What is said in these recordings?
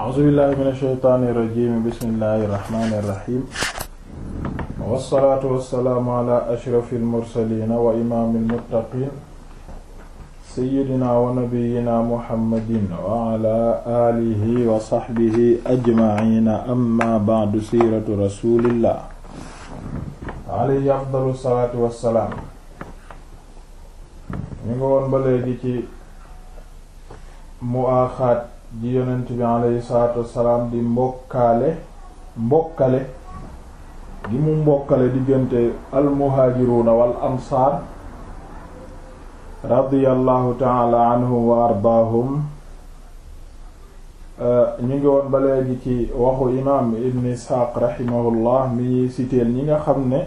a'uuzu billaahi mina shaytaani rajiim bismillaahi rahmaani rahiim wassalaatu wassalaamu alaa ashrafil mursaliin wa imaamil muttaqiin sayyidinaa wa nabiyyinaa muhammadin wa alaa aalihi wa sahbihi ajma'iin ammaa ba'du siiratu rasuulillaah alayhi afdalu salaatu wassalaam ñu ngi woon ba léegi ci mu'aaxaat di yonent bi aleyhi salaatu wassalaam di mbokkaale mbokkale gi mu mbokkale diggante almuhaajiruuna wal ansaar radiyallahu taala anhum wa ardaahum uh, ñu ngi woon ba léegi ci waxu imaam ibn isxaaq rahimahullah mi ñuy siteel ñi nga xam ne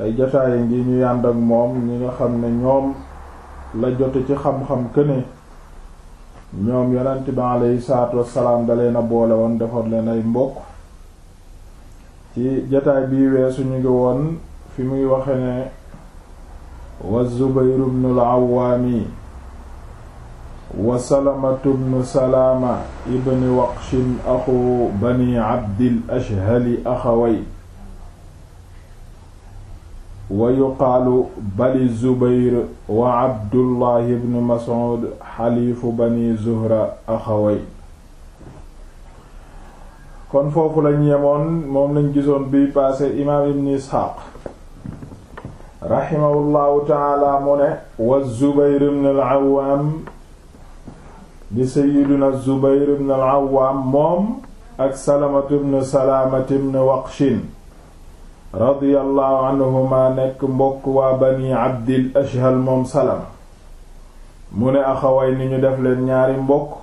ay jotaayi ngi ñu yànd ak moom ñi nga xam ne ñoom la jot ci xam-xam këne ñoom yonent bi aleyhi salaatu wassalaam dalee na boolewoon woon defoon leen ay mbokk ci jataay bii weesu ñu ngi woon fi muy waxe ne wa zubayru bnu al-awwaami wa salamatu bnu salaama ibni waqshin axu bani abdil ashhali axaway wa yuqaalu bali zubair wa abdullahi bnu mas'ud xaliifu bani zuhra axaway kon foofu lañ yemoon moom lañ gisoon bi passé imaam ibn isxaaq raximahullahu taala mu ne wa zubair bn al awaam di sayiduna zubair bn al awaam moom ak salamatu bn salaamati bn waqshin radiyallahu anhuma nekk mbokk waa bani abdil ashhal moom salama mu ne axaway ni ñu def leen ñaari mbokk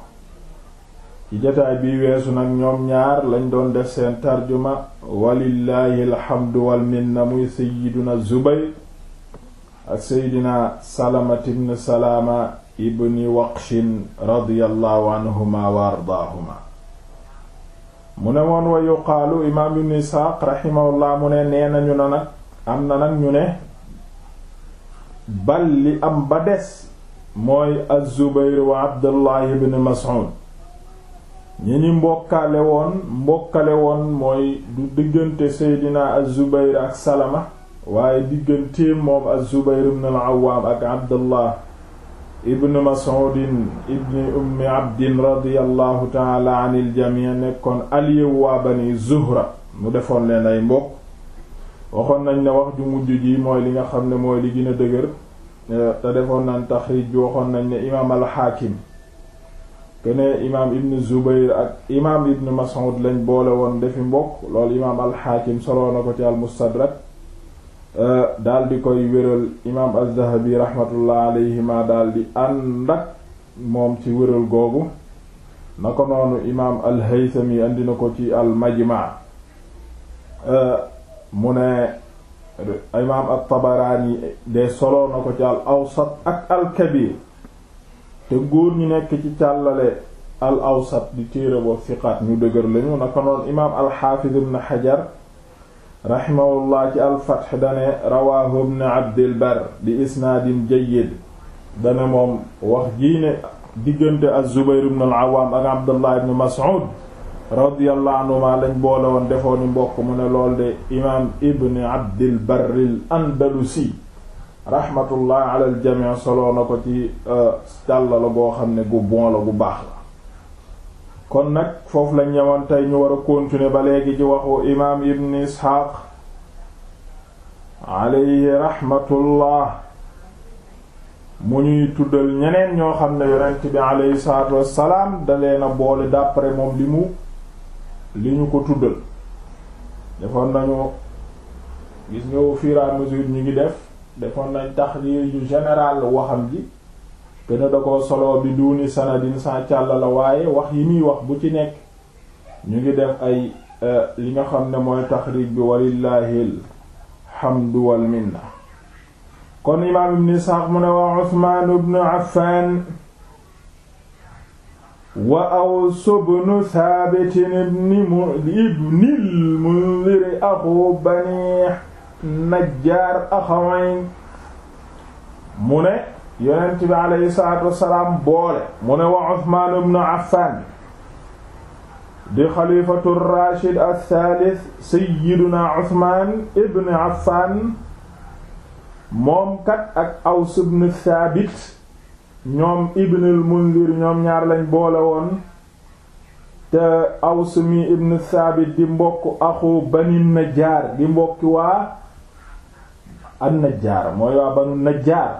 ci jataay bi weesu nag ñoom ñaar lañ doon def seen tarjuma walillahi alhamdu wal minna muy sayyiduna zubayr ak seydina salamat ibn salaama ibni waqshin radiyallahu anhuma wa ardaahuma mu ne woon wa yuqaalu imaam ibn Isaaq rahimahullah mu ne nee nañu na nag am na nag ñu ne bal li am ba des mooy az-Zubayr wa Abdullah ibn Mas'ud ñi ñi mbokkale woon mbokkale woon mooy du diggante Seydina az ak Salama waaye digganteem moom az-Zubayr al-Awwaam ak Abdullah ibn mas'udin ibni ummi abdin radiallahu taala an il jamii nekkoon aliyewu waa zuhra mu defoon leen ay mbokk waxoon nañ ne wax ju mujj ji mooy li nga xam ne mooy li gën a dëgër eh, te defoon nañ taxriij bi waxoon nañ ne imaam alxaakim kene imaam ibn zubayr ak imaam ibn mas'ud lañ boole woon defi mbokk loolu imaam alxaakim soloo na ko ci al mustadrak Euh, daal koy wéral imaam az-Zahabi rahmatullah alayhima daal di ànd ak moom ci wéral googu na ko noonu imaam al-Haythami andi na ko ci al-Majma euh, mu ne imaam at-Tabarani de solo na ko ci al ak al te góor ñu nekk ci càllale al-Awsat di téere boo siqaat ñu dëgër lañu na ko noonu imaam al-Hafiz ibn Hajar raximahullah ci alfatx dane rawaahu abdilbar bi isnaadin jayyid dane moom wax jii diggante az zubayr al awaam ak abdullah ibn mas'ud radiyallahu anhuma lañ boole woon defoo ni mbokk mu ne lool de imaam ibn abdilbar andalusi raxmatullah ala al jamii soloo na ko ci tàlla euh, la goo xam ne gu bon la gu baax la kon nag foofu lañ yemoon tey ñu war a continuer ba léegi ci waxu imaam ibn isxaaq alayhi rahmatullah mu ñuy tuddal ñeneen ñoo xam ne yonent bi alayhi salaatu wassalaam dalee na boole d'après moom li li ñu ko tuddal defoon nañu gis nga au fur et ñu ngi def defoon nañ taxrir yu général waxam ji këna da koo solo bi duuni sanadin sa càll la waaye wax yi muy wax bu ci nekk ñu ngi def ay e, li nga xam ne mooy taxrij bi walillahil hamdu wal kon imaam ibn Isxaaq mu ne wa Usmaan ibn Affaan wa Aws ibn Saabit ibnil Munzir axu Bani Najjaar axawayn mu ne yonent bi aleyhi salaatu wassalaam boole mu ne wa Usmaan ibnu Affaan di xalifatu rachid althalith sayiduna usman ibn affan moom kat ak aws ibn thaabit ñoom ibnul mundir ñoom ñaar lañ boole woon te aws mi ibn thaabit di mbokk axu bani najjaar di mbokki waa an mooy waa banu najjaar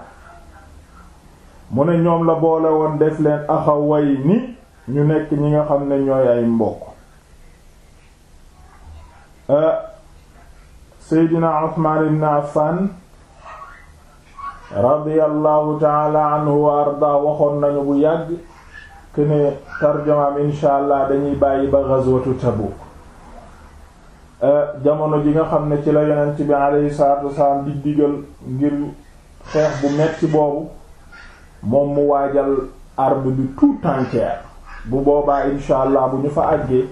mu ne ñoom la boole woon def leen axaway ni ñu nekk ñi nga xam ne ñooy ay mbokk euh, seydina Usmaan ibn Affan radiyallahu taala anhu wa arda waxoon nañu bu yàgg ke ne tarjamaam insha allah dañuy bàyyi ba ghazwatu Tabuk euh, jamono ji nga xam ne ci la yonent bi alayhi salatu wasalaam di digal ngir xeex bu metti boobu moom mu waajal arme bi tout entière bu boobaa insha allah bu ñu fa àggee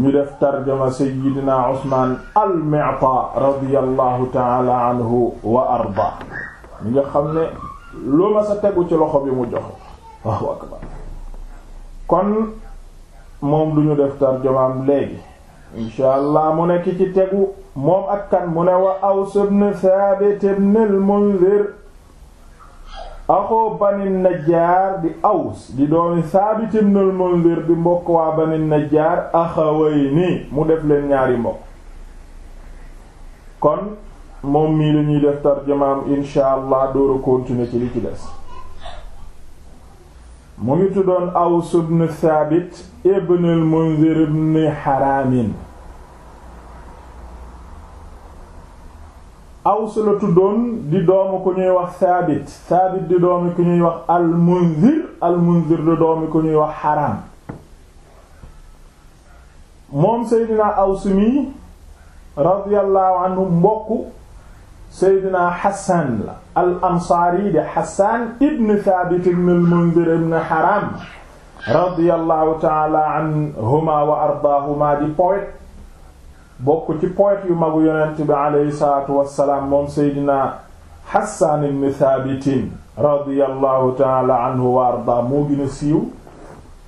ñu def tarjama sayyidina Usman al-Mi'ta radiyallahu ta'ala anhu wa arda mi nga xam ne lu ma sa tegu ci loxo bi mu jox kon moom du ñu def tarjamaam léegi insha mu nekk ci tegu moom ak kan mu ne wa Aws ibn Thabit ibn al axoo bani najjaar di aws di doomi saabit ibn al munzir mbokk waa bani najjaar axawayni mu def leen ñaari mbokk kon moom mii lañuy def tarjamaam insha allah dóor a ci li ci des mu ngi tuddoon aws ibn saabit ibn al munzir haramin aws la tuddoon di doomu ku ñuy wax saabit saabit di doomi ku ñuy wax almunzir almunzir di doomi ku ñuy wax xaraam moom seydinaa aws mi radiyallahu anhu mbokk seydinaa xasaan la di xasaan ibn saabit ibn almunzir ibn xaraam radiyallahu taala anhuma wa ardaahuma di poète bokk ci poète yu magu yonent bi aleyhi salaatu wassalaam moom seydina Hassan ibn Thabitin radiyallahu taala anhu wa arda moo gën a siiw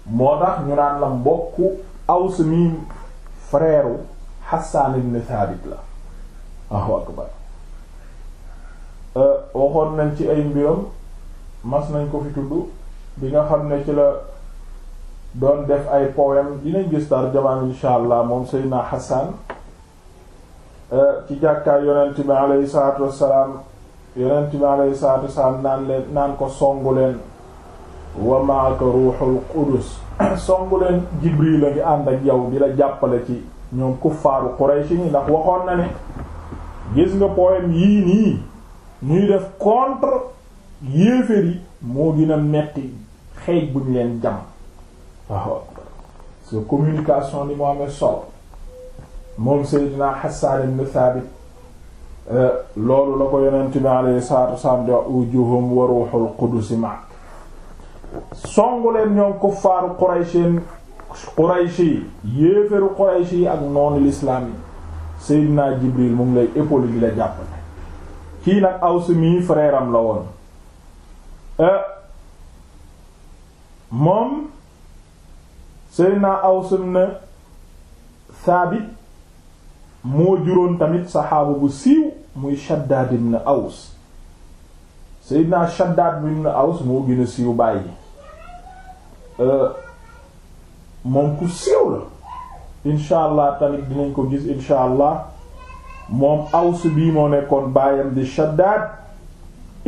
moo tax ñu naan la mbokk Aws mi frère Hassan ibn Thabit la euh, waaw nañ ci ay mbiram mas nañ ko fi tudd bi nga xam ne ci la doon def ay poème dinañ gis tarjamaam insha allah moom Seydina Hassan eh, ci jàkkaar yonent bi alayhi salaatu wassalaam yonent bi alayhi salaatu wassalaam naan leen naan ko songu leen wa ma'aka ruuxul qudus songu leen Jibril la ngi ànd ak yow di la jàppale ci ñoom kuffaaru Quraysh ni ndax waxoon na ne gis nga poème yii nii ñuy def contre yéeféer yi moo gën a metti xeej buñ leen jam waaw su communication ni mu amee solo moom Seydina Hassan ibn Thabit eh, loolu la ko yonent bi alayhi salaatu wasalaam di wax wujuhum wa ruuxul qudus ma'ak songu leen ñoom kuffaaru Quraysheen Qurayshi yi yéeféru ak noonu l'islam yi Seydina Jibril mu ngi lay épaule bi la jàpp kii nag Aws mi frère am la woon eh, moom Seydina Aws ibn Saabit moo juróon tamit saxaaba bu siiw muy Shaddaad ibn Aws Seydina Shaddaad ibn Aws moo gën a siiw bàyyi euh, moom ku siiw la incha allah tamit dinañ ko gis incha allah moom Aws bii moo nekkoon baayam di Shaddaad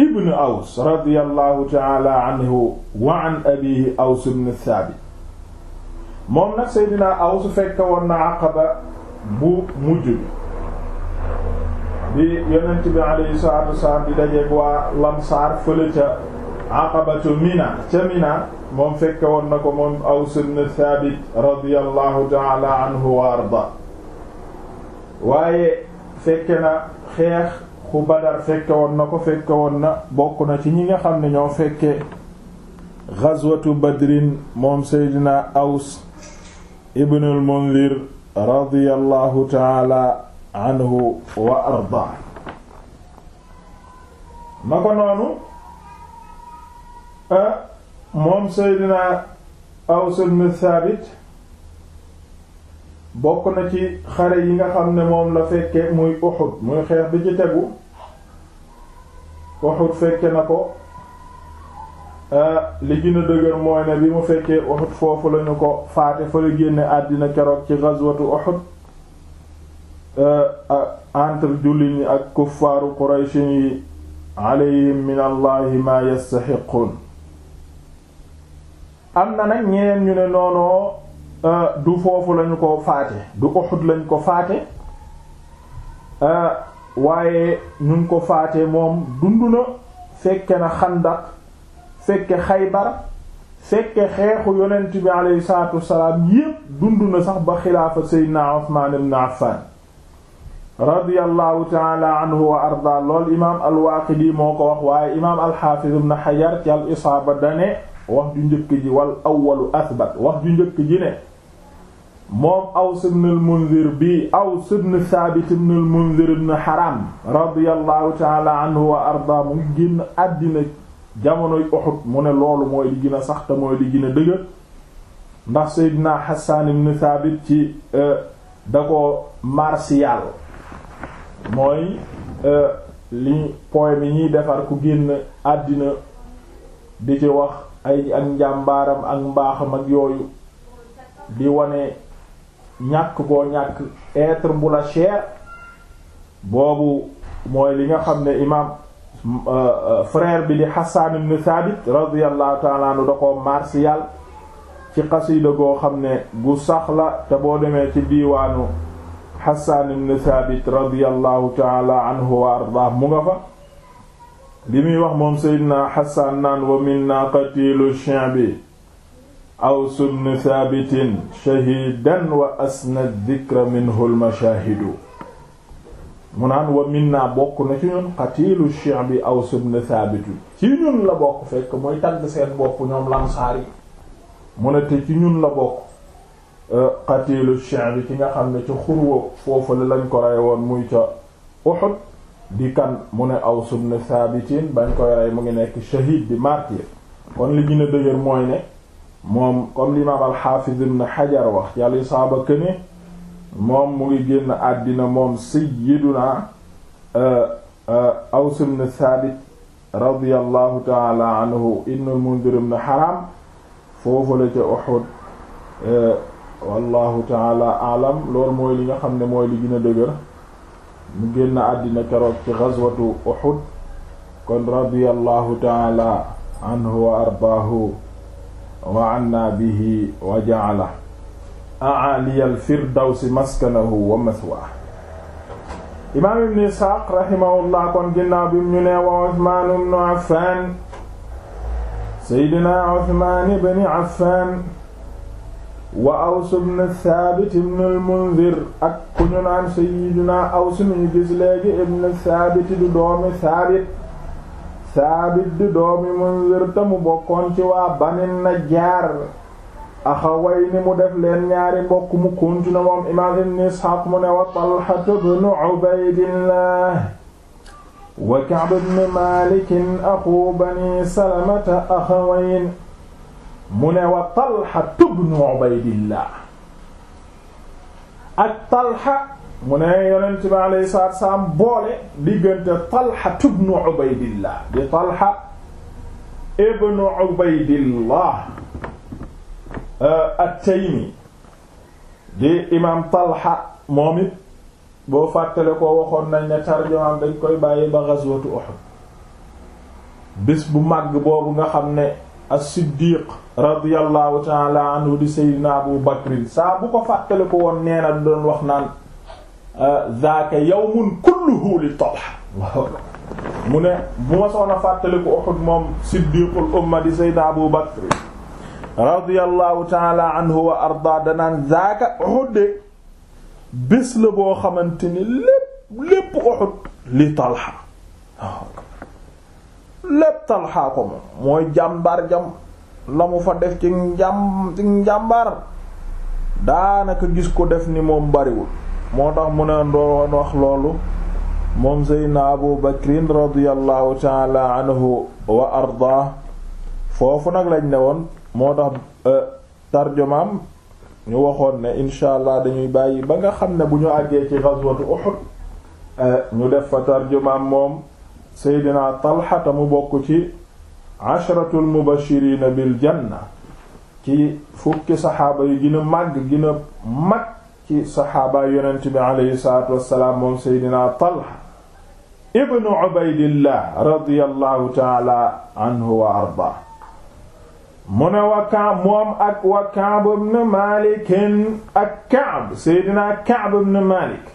ibn Aws radiyallahu ta'ala anhu wa an abiihi Aws ibn Saabit moom nag Seydina Aws su fekke woon na Aqaba bu mujj bi di yonent bi alayhi salaatu wasalaam di dajeek waa Lamsaar fële ca Aqabatu Mina ca Mina moom fekke woon na ko moom Aws ibn Thabit radiyallahu ta'ala anhu wa arda waaye fekke na xeex xu Badar fekke woon na ko fekke woon na bokk na ci ñi nga xam ne ñoo fekke ghazwatu Badrin moom Seydina Aws ibnul mundir radiyallahu taala anhu wa arda na ko noonu ah, moom seydina aws ibn thabit bokk na ci xare yi nga xam ne moom la fekke muy Uhud muy xeex bi ci tegu Uhud fekke na ko Euh, li gën a dëgër mooy bi mu fekkee Uhud foofu lañu ko faate fa la génne àddina keroog ci ghazwatu Uhud euh, entre jullit ñi ak kuffaaru Qurayshin yi alayhim min allahi ma yastaxiqun am na nag ñeneen ñu ne noonoo euh, du foofu lañu ko faate du Uhud lañ ko faate waaye ñu ko faate moom dund na fekke na xandak fekke xaybar fekke xeexu yonent bi aleyhi salaatu yépp dund na sax ba xilaafa seydina Usmaan ibn Affaan radiyallahu lool imaam al moo ko wax waaye imaam al-Haafiz Hajar ci al-Isaaba dane wax ju njëkk ji wal awwalu asbat wax ju njëkk ji ne moom Aws ibn al bi Aws ibn Saabit ibn al-Munzir Haram radiyallahu mu génn àddina jamonoy Uhud mu ne loolu mooy li gën sax mooy li gën a dëgër ndax Seydina Hassan ibn ci euh, da ko martial mooy euh, li poème yi ñuy defar ku génn àddina di ci wax ay ak njàmbaaram ak mbaaxam ak yooyu di wane ñàkk koo ñàkk être bu cher boobu mooy li nga xam ne imaam frère bi di Hassan ibn Thabit radiyallahu ta'ala anhu da ko martial ci xasida goo xam ne gu sax la te boo demee ci diiwaanu Hassan ibn Thabit radiyallahu ta'ala anhu wa ardaah mu nga fa li muy wax moom Seydina Hassan naan wa minna qatilu shi'bi Aws ibn Thabitin shahidan wa asna dhikra minhu al-mashahidu mu naan wa minna bokk na ci ñun xatiilu shi'bi Aws ibn Thabit ci ñun la bokk fekk muy tagg seen bopp ñoom lansaar yi mu ne te ci ñun la bokk xatiilu euh, shi'bi ci nga xam ne ci xurwa foofu lañ ko rey woon muy ca Uhud di kan mu ne aw ibn Thabit bañ koy rey mu ngi nekk shahid di martyr kon li gën dëgër mooy ne moom comme l'imam al-Hafiz ibn Hajar wax yàlla këne moom mu ngi génn àddina moom sayyiduna uh, uh, Aws ibn Thabit radiyallahu taala anhu ibn al ibn Haram foofu la ca Uhud uh, wallahu taala alam loolu mooy li nga xam ne mooy li gën a dëgër mu génn àddina keroog ci ghazwatu Uhud kon radiyallahu taala anhu wa arbaahu wa anna bihi wa ja'ala aaliyal firdawsi maskanahu wa maswaa imaam ibn isxaaq rahimahullah kon ginnaaw bi ñu ne wa usmaan ibn affan seydina usmaan ibn affan wa aws ibn thaabit ibn al munzir ak ku ñu naan seydina aws ñu gis léegi ibn thaabit du doomi thaabit thaabit du doomi munzir te mu bokkoon ci waa bani najjaar axaway ni mu def leen ñaari mbokk mu continue moom imaam ibn Isxaaq mu ne wa Talxatu bnu Ubaydillah wa Ka'b ibn Maalik axu bani Salamata axawayn mu ne wa Talxatu bnu Ubaydillah ak Talxa mu ne yonent bi alayhi salaatu wa salaam boole diggante Talxatu bnu Ubaydillah di Talxa ibnu Ubaydillah Euh, at-Taymi di imam Talha moom it boo fàttale ko waxoon nañ ne tarjumaam dañ koy bàyyi ba ghazwatu Uhud bis bu màgg boobu nga xam ne as-Siddiq radiyallahu ta'ala anhu di Seydina Abu Bakr saa bu ko fàttale ko woon nee na doon wax naan euh, zaaka yawmun kulluhu li Talha mu ne bu ma soona fàttale ko Uhud moom Siddiqul umma di Seydina Abu Bakr radiyallahu taala anhu wa arda danaan zaaka Uhud bés la boo xamante ni lépp lépp Uhud li Talha lépp Talha ko moom mooy jàmbaar jam la mu fa def ci njàm ci njàmbaar gis ko def ni moom bariwul moo tax mu ne doon wax loolu moom Seydina Abu Bakrin radiyallahu taala anhu wa arda foofu nag lañ ne woon moo tax euh, tarjumaam ñu waxoon ne incha allah dañuy bàyyi ba nga xam ne bu ñu àggee ci ghazwatu Uhud euh, ñu def fa moom Seydina Talha ta mu bokk ci asharatul mubashirina bil ci fukki saxaaba yi gën a màgg gën mag ci saxaaba yonent bi aleyhi salaatu wassalaam moom Seydina Talha ibnu Ubaydillah radiyallahu taala anhu wa arda mu ne wa Kaab moom ak wa Kaab ibn Malik ak Kaab Seydina Kaab ibn Malik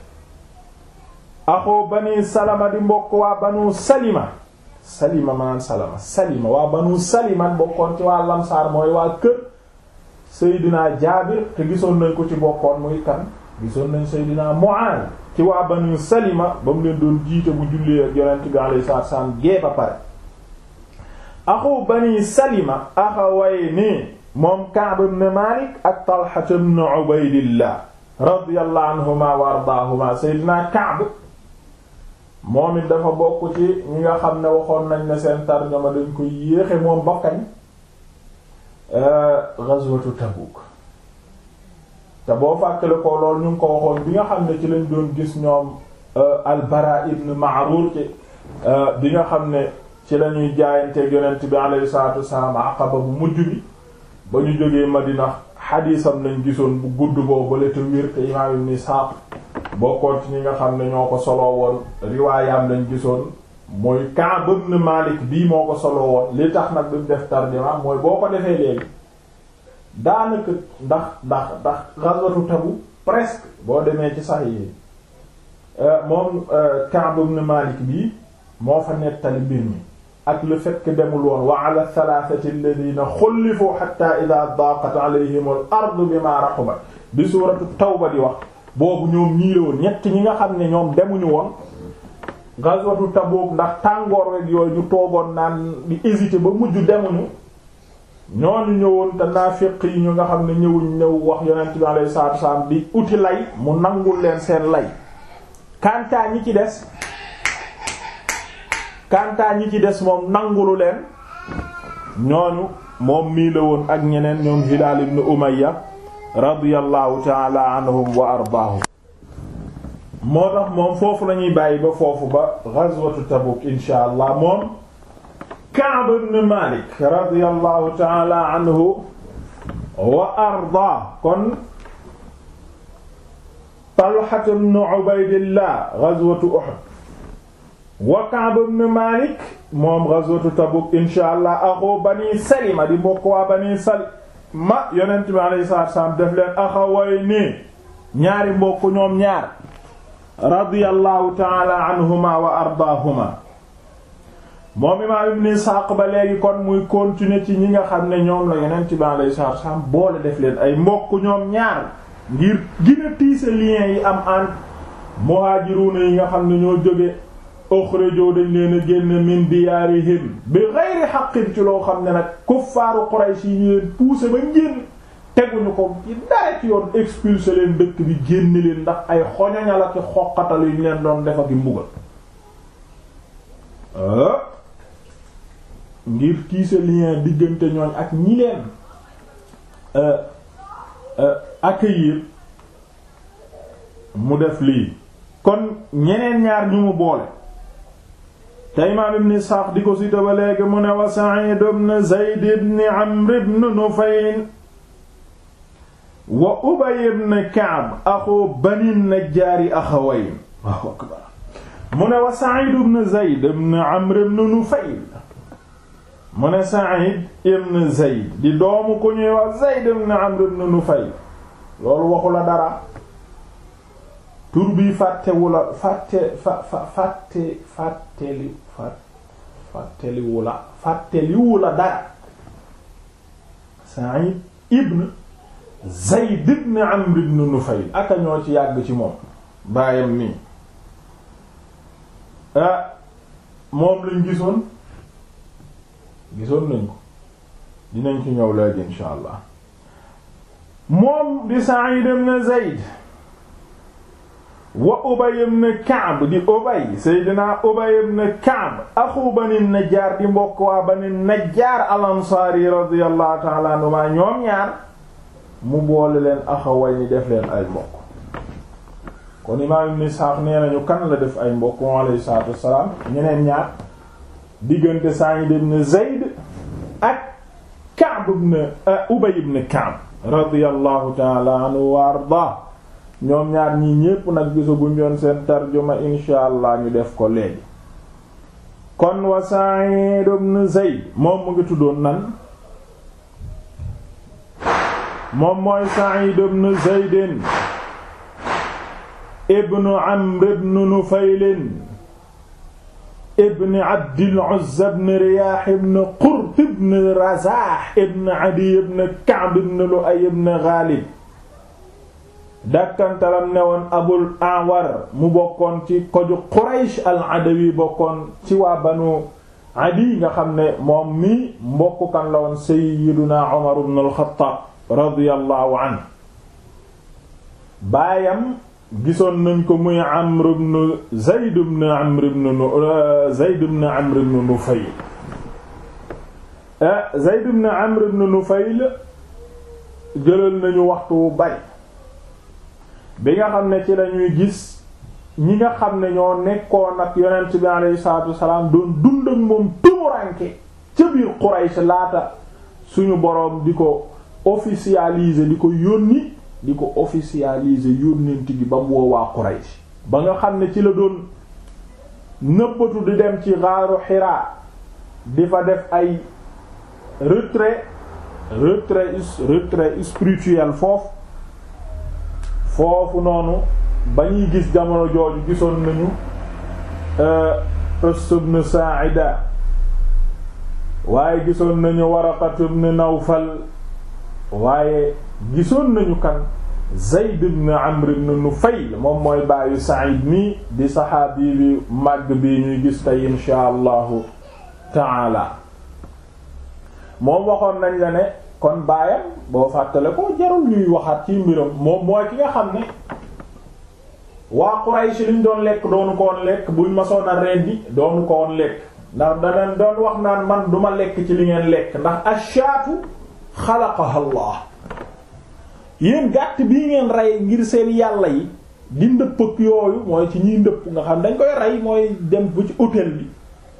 axoo bani Salama di mbokk waa banu Salima Salima maanaam Salama Salima waa banu Salima bokkoon ci waa Lamsaar mooy waa kër Seydina Jaabir te gisoon nañ ko ci bokkoon muy kan gisoon nañ Seydina Muaaz ci waa banu Salima ba mu leen doon jiite bu jullee ak Yonent bi alayhi salaatu wa salaam pare axu bani salima axaway ni moom Kaab ibn Malik ak Talha ibn Ubaydillah radiyallahu anhuma wa ardaahuma Seydina Kaab moom it dafa bokk ci ñi nga xam ne waxoon nañ ne seen tarjama dañ ko yéexe moom bakkañ euh, ghazwatu Tabuk te boo fàkkale ko lool ñu ngi ko waxoon bi nga xam ne ci lañ doon gis ñoom euh, al Bara ibn Ma'rur ci euh, bi nga xam ne ci la ñuy jaayanteeg yonent bi alayhi salaatu wasalaam aqaba bu mujj bi ba ñu jógee Madina xadiisam lañ gisoon bu gudd boobu la te wér te imaam ibn Isaaq bokkoon ci ñi nga xam ne ñoo ko soloo woon riwaayaam lañ gisoon mooy Kaab ibn Maalik bii moo ko soloo woon li tax nag duñ def tarjuma mooy boo ko defee léegi daanaka ndax ndax ndax ghazwatu presque boo demee ci sax yi euh, moom euh, Kaab ibn Maalik bii moo fa nettali mbir mi ak le fait que demul woon wa ala thalathati alladhina xullifu hatta idha daqat alayhim al ardu bima rahubat bi suratu tawba di wax boobu ñoom ñii la woon ñett ñi nga xam ne ñoom demuñu woon gazwatu Tabuk ndax tàngoor rek yooyu ñu toogoon naan di hésiter ba mujj demuñu ñooñu ñëwoon te naafiq yi ñu nga xam ne ñëwuñ ñëw wax yonent bi alayhi salaatu wasallam bi uti lay mu nangul leen seen lay kantaa ñi ci des kantaa ñi ci des moom nangulu leen ñooñu moom mii la woon ak ñeneen ñoom Hilaal ibn Umayya radiyallahu taala anhum wa ardaahum moo foofu la ñuy foofu ba ghazwatu Tabuk insha allah moom Ka'b ibn Malik radiyallahu taala anhu wa arda kon Talha ibn Ubaydillah ghazwatu Uhud wa Ka'b ibn Malik moom ghazwatu Tabuk insha allah axu bani di mbokk waa bani Salima yonent bi alayhi salaatu wa def leen axawayni ñaari mbokk ñoom ñaar radiyallahu ta'ala wa ardaahuma moom imaam ibn Isaaq ba léegi kon muy continuer ci ñi nga xam ne ñoom la yonent bi alayhi salaatu wa salaam boole def leen ay mbokk ñoom ñaar ngir gën tiise lien yi am an muhaajiruuna yi nga xam ne ñoo jóge uxrijoo dañ leen a génn min diyaarihim bi geyri xaqin ci loo xam ne nag kuffaaru Quraysh yi ñu leen poussé ba ngénn teguñu ko ci dara ci yoon expulsé leen dëkk bi génn leen ndax ay xoñoña la ci xoqatal def ak mbugal ah. ngir tiise lien diggante ñooñ ak ñi leen euh, euh, accueillir mu def lii kon ñeneen ñaar ñu mu boole te imaam ibn Isxaaq di ko cité ba léegi mu ne wa Saciid ibn Zayd ibn Amr ibn Nufayl wa Ubay ibn Ka'b axu Bani Najjaar axawayn Allahu akbar mu ne wa Saciid ibn Zayd ibn Amr ibn Nufayl mu ne Saciid ibn Zayd di doomu ku ñuy wax Zayd ibn Amr ibn Nufayl loolu waxu la dara tur bii fàttewula fàtte fa fàtte fàtteli fat fàtteliwu la fàtteliwu la dara Sa'id ibn Zayd ibn Amr ibn Nufayl aka ñoo ci yàgg ci moom baayam nii ah, moom lañ gisoon gisoon nañ ko dinañ ci ñëw léegi insha allah moom di Sa'id ibn Zayd wa Ubay ibn Ka'b di Ubay Seydina Ubay ibn Ka'b axu Bani Najjaar di mbokk waa Bani Najjaar al-Ansaari radiyallahu ta'ala anhuma ñoom ñaar mu boole leen axaway ni def leen ay mbokk kon imaam Ibn Isxaaq nee nañu kan la def ay mbokk moom alayhi salaatu wassalaam ñeneen ñaar diggante Sa'iid ibn Zayd ak Ka'b ibn euh, Ubay ibn Ka'b radiyallahu ta'ala wa ardaa ñoom ñaar ñii ñépp nag gisaguñ yoon seen tarjuma insha ñu def ko léegi kon wa Sa'id ibn Zayd moom mu ngi tuddoon nan moom mooy Sa'id ibn Zayd ibn Amr ibn Nufayl ibn Abdil Uzza ibn Riyah ibn Qurt ibn Razah ibn Adi ibn Ka'b ibn Lu'ay ibn Ghalib dàkkantalam ne woon abu awar mu bokkoon ci koju quraysh al adawi bokkoon ci waa banu adi nga xam ne moom mi mbokkukan la woon sayyiduna umar ibn al xattaab gisoon nañ ko muy amr zayd ibn amr euh, amr ibn nufayl euh, zayd ibn amr ibn nufayl jëlal nañu waxtu bu bari bi nga xam ne ci lañuy gis ñi nga xam ne ñoo nekkoon ak yonent bi alayhi salaatu wasalaam doon dund ak moom tumuranke ca biir Quraysh laata suñu boroom di ko officialiser di ko yónni di ko officialiser yónnent gi ba mu woo waa ba nga xam ne ci la doon nëbbatu di dem ci xaaru Hira di fa def ay retrait retrait retrait spirituel foofu foofu noonu ba ñuy gis jamono jooju gisoon nañu Uss euh, ibn Sa'ida waaye gisoon nañu Waraqat ibn Nawfal waaye gisoon nañu kan Zayd ibn Amr ibn Nufayl moom mooy baayu Sa'id mi di saxaabi bi màgg bi ñuy gis tey insha allahu taala moom waxoon nañ la ne kon baayam boo fàttale ko jarul ñuy waxaat ci mbiram moom mooy ki nga xam ne waa Quraysh liñ doon lekk doonu ko woon lekk buñ masoon a rendi doonu ko woon lekk ndax danañ doon wax naan man duma lekk ci li ngeen lekk ndax ashaatu xalaqaha Allah yéen gàtt bii ngeen rey ngir seen yàlla yi di ndëppëg yooyu mooy ci ñiy ndëpp nga xam dañ koy rey mooy dem bu ci hôtel bi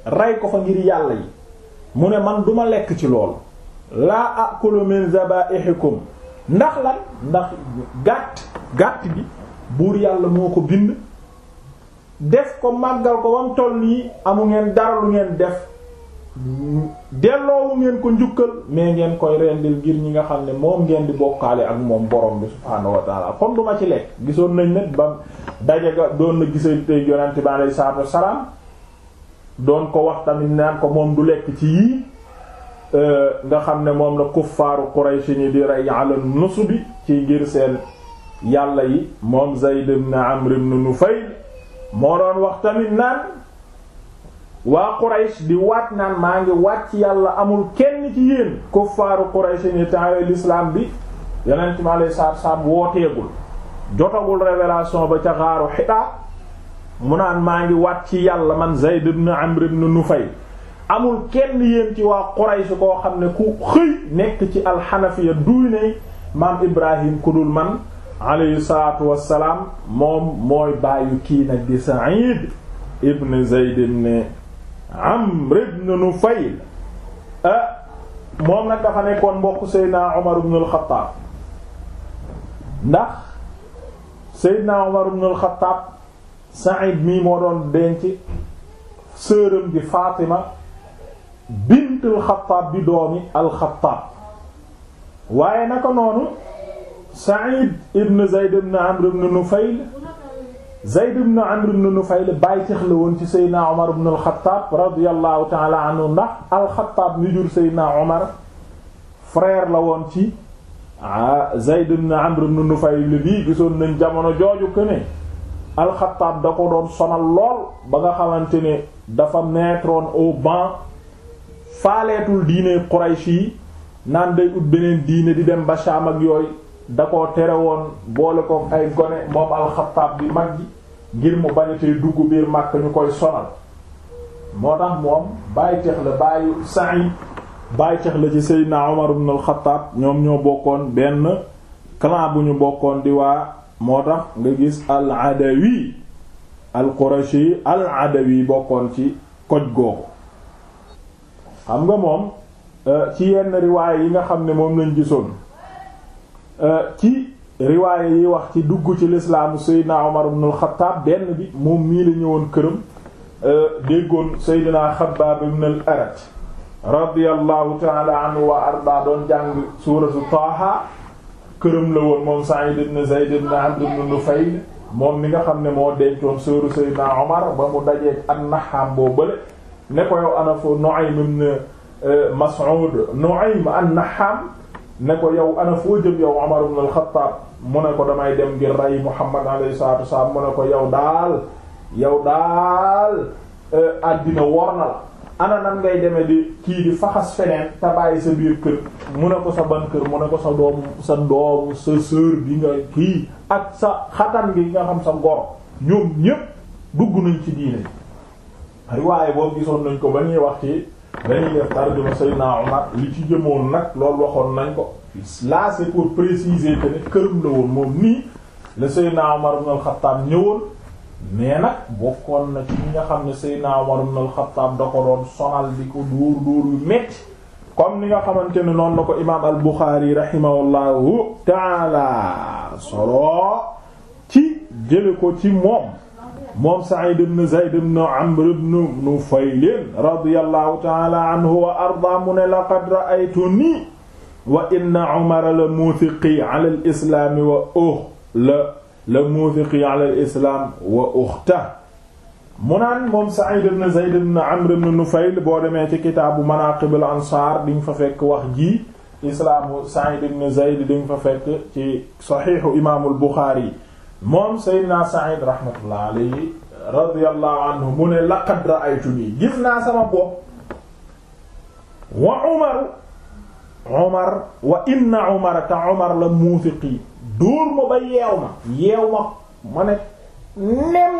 rey ko fa ngir yàlla yi mu ne man duma lekk ci lool laa akulu min zabaihikum ndax lan ndax gàtt gàtt bi buur yàlla moo ko bind def ko màggal ko wam toll nii amu ngeen dara ngeen def delloowu ngeen ko njukkal mais ngeen koy rendil ngir ñi nga xam ne moom ngeen di bokkaale ak moom borom bi subhaanahu wa taala ma ci lekk gisoon nañ ne ba daje ga doon na gise tey yonente bi alayhi salaatu wa salaam doon ko wax tamit naan ko moom du lekk ci yii Euh, nga xam ne moom la kuffaaru Quraysh ñi di rey ala nusubi ci ngir seen yàlla yi moom Zayd ibn Amr ibn moo doon wax tamit naan waa Quraysh di waat naan maa ngi waat ci yàlla amul kenn ci yéen kuffaaru Quraysh ñi taawee bi yonent ci alayhi salaatu salaam wooteegul jotagul révélation ba ca xaaru Hitaa mu naan maa ngi waat ci yàlla man Zayd ibn Amr ibn amul kenn yéen ci waa Quraysh koo xam ne ku xëy nekk ci alxanafiya duy ne maam Ibrahim ku dul man alayhi salaatu wassalaam moom mooy bàyyu kii nag di Sa'id ibn Zayd ibn Amr Nufayl ah moom nag dafa nekkoon mbokk Seydina Omar ibn al-Khattab ndax Seydina Omar ibn al-Khattab Sa'id mii moo doon denc sëram di Fatima bint alxataab bi doomi alxataab waaye naka noonu Saïd ibn Zayd ibn Amr ibn Nufayl Zayd ibn Amr ibn Nufayl bàytix la woon ci Seydina Omar ibn alxataab radiyallahu taala anhu ndax alxataab mi jur Seydina Omar frère la woon ci ah Zayd ibn Amr ibn Nufayl bii gisoon nañ jamono jooju que ne alxataab da ko doon sonal lool ba nga xamante ne dafa mettre au banc. faaleetul diine Quraysh yi naan day ut beneen diine di dem ba Sham ak yooyu da koo tere woon boole ko ay gone moom alxataab bi mag ngir mu bañatee dugg biir Makka ñu koy sonal moo tax moom bàyyi teex la bàyyi Sa'id bàyyi teex ci Seydina Umar ibn al ñoom ñoo bokkoon benn clan bu ñu bokkoon di waa moo tax nga gis al-Adawi al-Qurashi bokkoon ci koj googu xam nga moom euh, ci yenn riwaaya yi nga xam ne moom lañ gisoon euh, ci riwaaya yi wax ci dugg ci lislaamu Seydina Umar ibn al-Khattab benn bi moom mii la ñëwoon këram euh, déggoon Seydina Xabbaab ibn al-Arat radiyallahu anhu wa arda doon jàng suuratu Taaha këram la woon moom Sa'id ibn Zayd ibn Abd ibn Nufayl moom mi nga xam ne moo dencoon sóoru Seydina Omar ba mu dajeeg an naxaam boo bële ne ko yow ana fu Nu'aym ibn eh, Mas'ud Nu'aym an-Nahham ne ko yow ana foo jëm yow Umar ibn al mu ne ko damay dem ngir rey Muhammad alayhi salaatu wa mu ne ko yaw daal yow daal eh, àddina wor na ana nan ngay demee di kii di faxas feneen te bàyyi sa biir kër mu ne ko sa ban kër mu ne ko sa doom sa doom sa sœur bi nga kii ak sa xatan gi nga xam sa ngor ñoom ñépp dugg nañ ci diine riwaaye boo gisoon nañ ko ba ñuy wax ci dañuy def tarjuma Seydina Omar li ci jëmoon nag loolu waxoon nañ ko là c'est pour préciser que ne këram la woon moom nii la Seydina Omar ibn al-Khattab ñëwoon mais nag bokkoon na ci ñi nga xam ne Seydina Omar ibn al-Khattab da ko doon sonal di ko dóor dóor yu metti comme ni nga xamante ne noonu la ko imaam al-Bukhari rahimahullahu taala solo ci jële ko ci moom moom Sa'id ibn Zayd ibn Amr ibn Nufayl radiyallahu ta'ala anhu wa arda mu ne laqad ra'aytuni wa inna Umar la muthiqi ala al-islam wa oh la la muthiqi ala al-islam wa ukhta mu naan moom Sa'id ibn Zayd ibn Amr ibn Nufayl boo demee ci kitaabu Manaqib al-Ansar diñ fa fekk wax ji islaamu Sa'id ibn Zayd diñ fa fekk ci saxiixu imaamul Buxaari moom Seydina Saïd rahmatullah alayhi radiyallahu anhu mu ne laqad ra'aytu nii gis naa sama bopp wa Umar Umar wa inna Umar te Umar la muusiqi dóor ma ba yeew ma yeew ma ma ne nem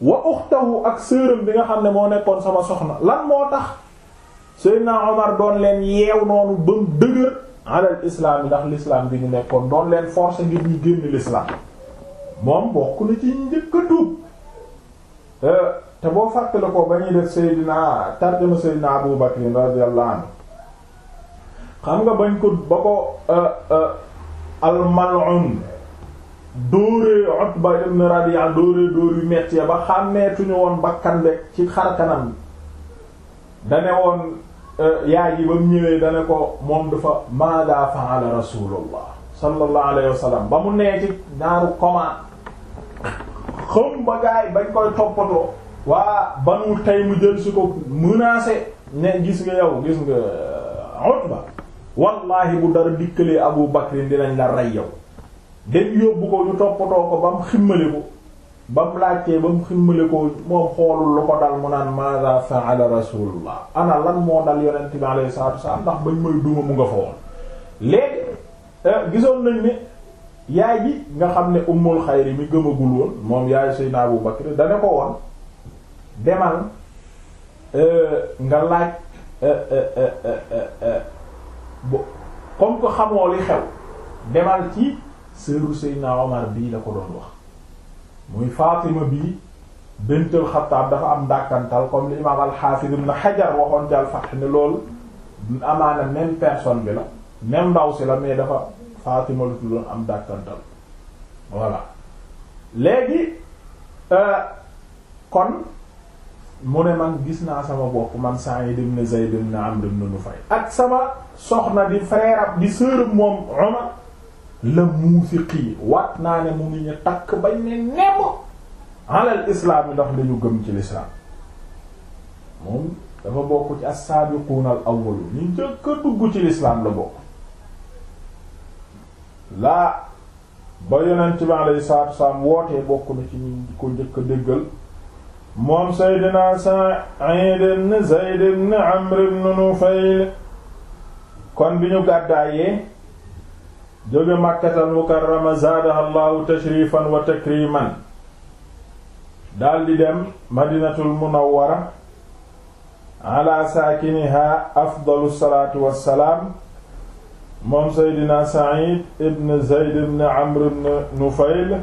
wa uxtahu ak sëram bi nga xam ne moo nekkoon sama soxna lan moo tax Seydina Umar doon leen yeew noonu ba mu dëgër alal islam ndax l'islam bi ñu nekkoon doon leen force ngir ñu génn l'islam moom bokk na ci njëkk euh, te boo fàttale ko ba ñuy def Seydina tarjama Seydina Abu Bakr radiyallahu xam nga bañ ko ba ko euh, euh, al-mal'un dóoree dóoree dóor yu metti ba xàmmeetuñu woon bakkan bekk ci xar kanam woon Euh, yaay ji ba mu ñëwee dana ko moom dafa maada fa'ala rasulullah sallallahu alayhi wa ba mu nee ci naaru comment ba gaay bañ koy toppatoo waa banu tey mu jël si ko menacé ne gis nga yow gis nga euh, Utba wallahi bu dara dikkalee Abu Bakr dinañ la rey yow dem yóbbu ko ñu toppatoo ko ba mu ximmali ba mu laajtee ba mu ximmale ko moom xoolul lu ko dal mu naan maza fa'ala rasulullah ana lan moo dal yonent bi alayhi salaatu wasalaam ndax bañ may duma mu nga fa woon léegi eh, gisoon nañ ne yaay ji nga xam ne ummul xayri mi gëmagul woon moom yaay Seydina Abu Bakr dana ko woon demal eh, nga laaj eh, bo comme que xamoo li xew demal ci sëru Seydina Omar bii la ko doon wax muy Fatima bii bintul Xattaab dafa am ndàkkantal comme li imaam al-Hafiz ibn Hajar waxoon ci al-Fath loolu amaana même personne bi la même ndaw si la mais dafa faatima lu tuddoon am ndàkkantal voilà léegi euh, kon mu ne man gis naa sama bopp man Sa'id ibn Zayd ibn Amr ibn Nufay ak sama soxna di frère di sœur moom Umar la muusiqi waat naa ne mu ngi ñu takk bañ ne nemm alal islaam yi ndax dañu gëm ci lislaam moom dafa bokk ci as-sabiquna al-awwalu ñu njëkk dugg ci lislaam la bokk laa ba yonent bi alayhi salaatu wasalaam wootee bokk na ci ñu ko njëkk a moom Seydina Sa'id ibn Zayd ibn Amr kon bi ñu gàddaayee jóge màkkatal mukarrama zaadaha llahu tashrifan wa takriman daldi dem madinatul munawwara ala saakiniha afdalu salaatu wassalaam moom seydina said ibn zeyd ibn amr ibn nufayl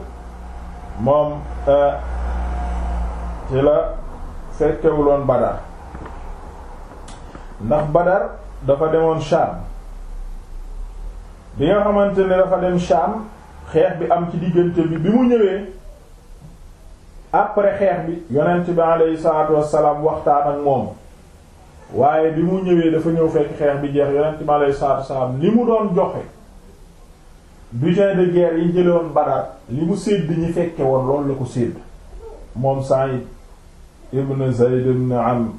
moom euh, ci fekkewuloon badar ndax badar dafa demoon Shaam bi nga xamante ne dafa dem Sham xeex bi am ci diggante bi bi mu ñëwee après xeex bi yonent bi aleyhi salaatu wassalaam waxtaan ak moom waaye bi mu ñëwee dafa ñëw fekk xeex bi jeex yonent bi aleyhi salaatu wassalaam li mu doon joxe butin de guerre yi jëlewoon Badar li mu bi ñi fekke woon loolu la ko sédd moom Sa'id ibn Zayd ibn Amr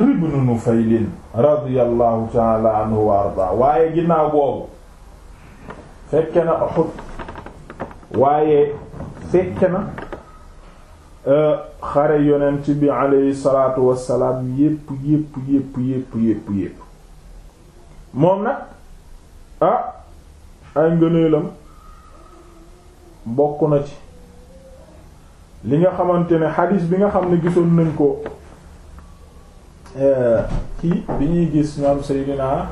ibn Nufaylin radiyallahu ta'ala anhu wa arda waaye ginnaaw boobu fekke na Uhud waaye fekke na e, xare yonent bi alayhi salaatu wassalaam yépp yépp yépp yépp yépp moom nag ah ay ngëneelam bokk na ci li nga xamante ne xadiis bi nga xam ne gisoon nañ ko kii e, bi ñuy gis ñoom Seydina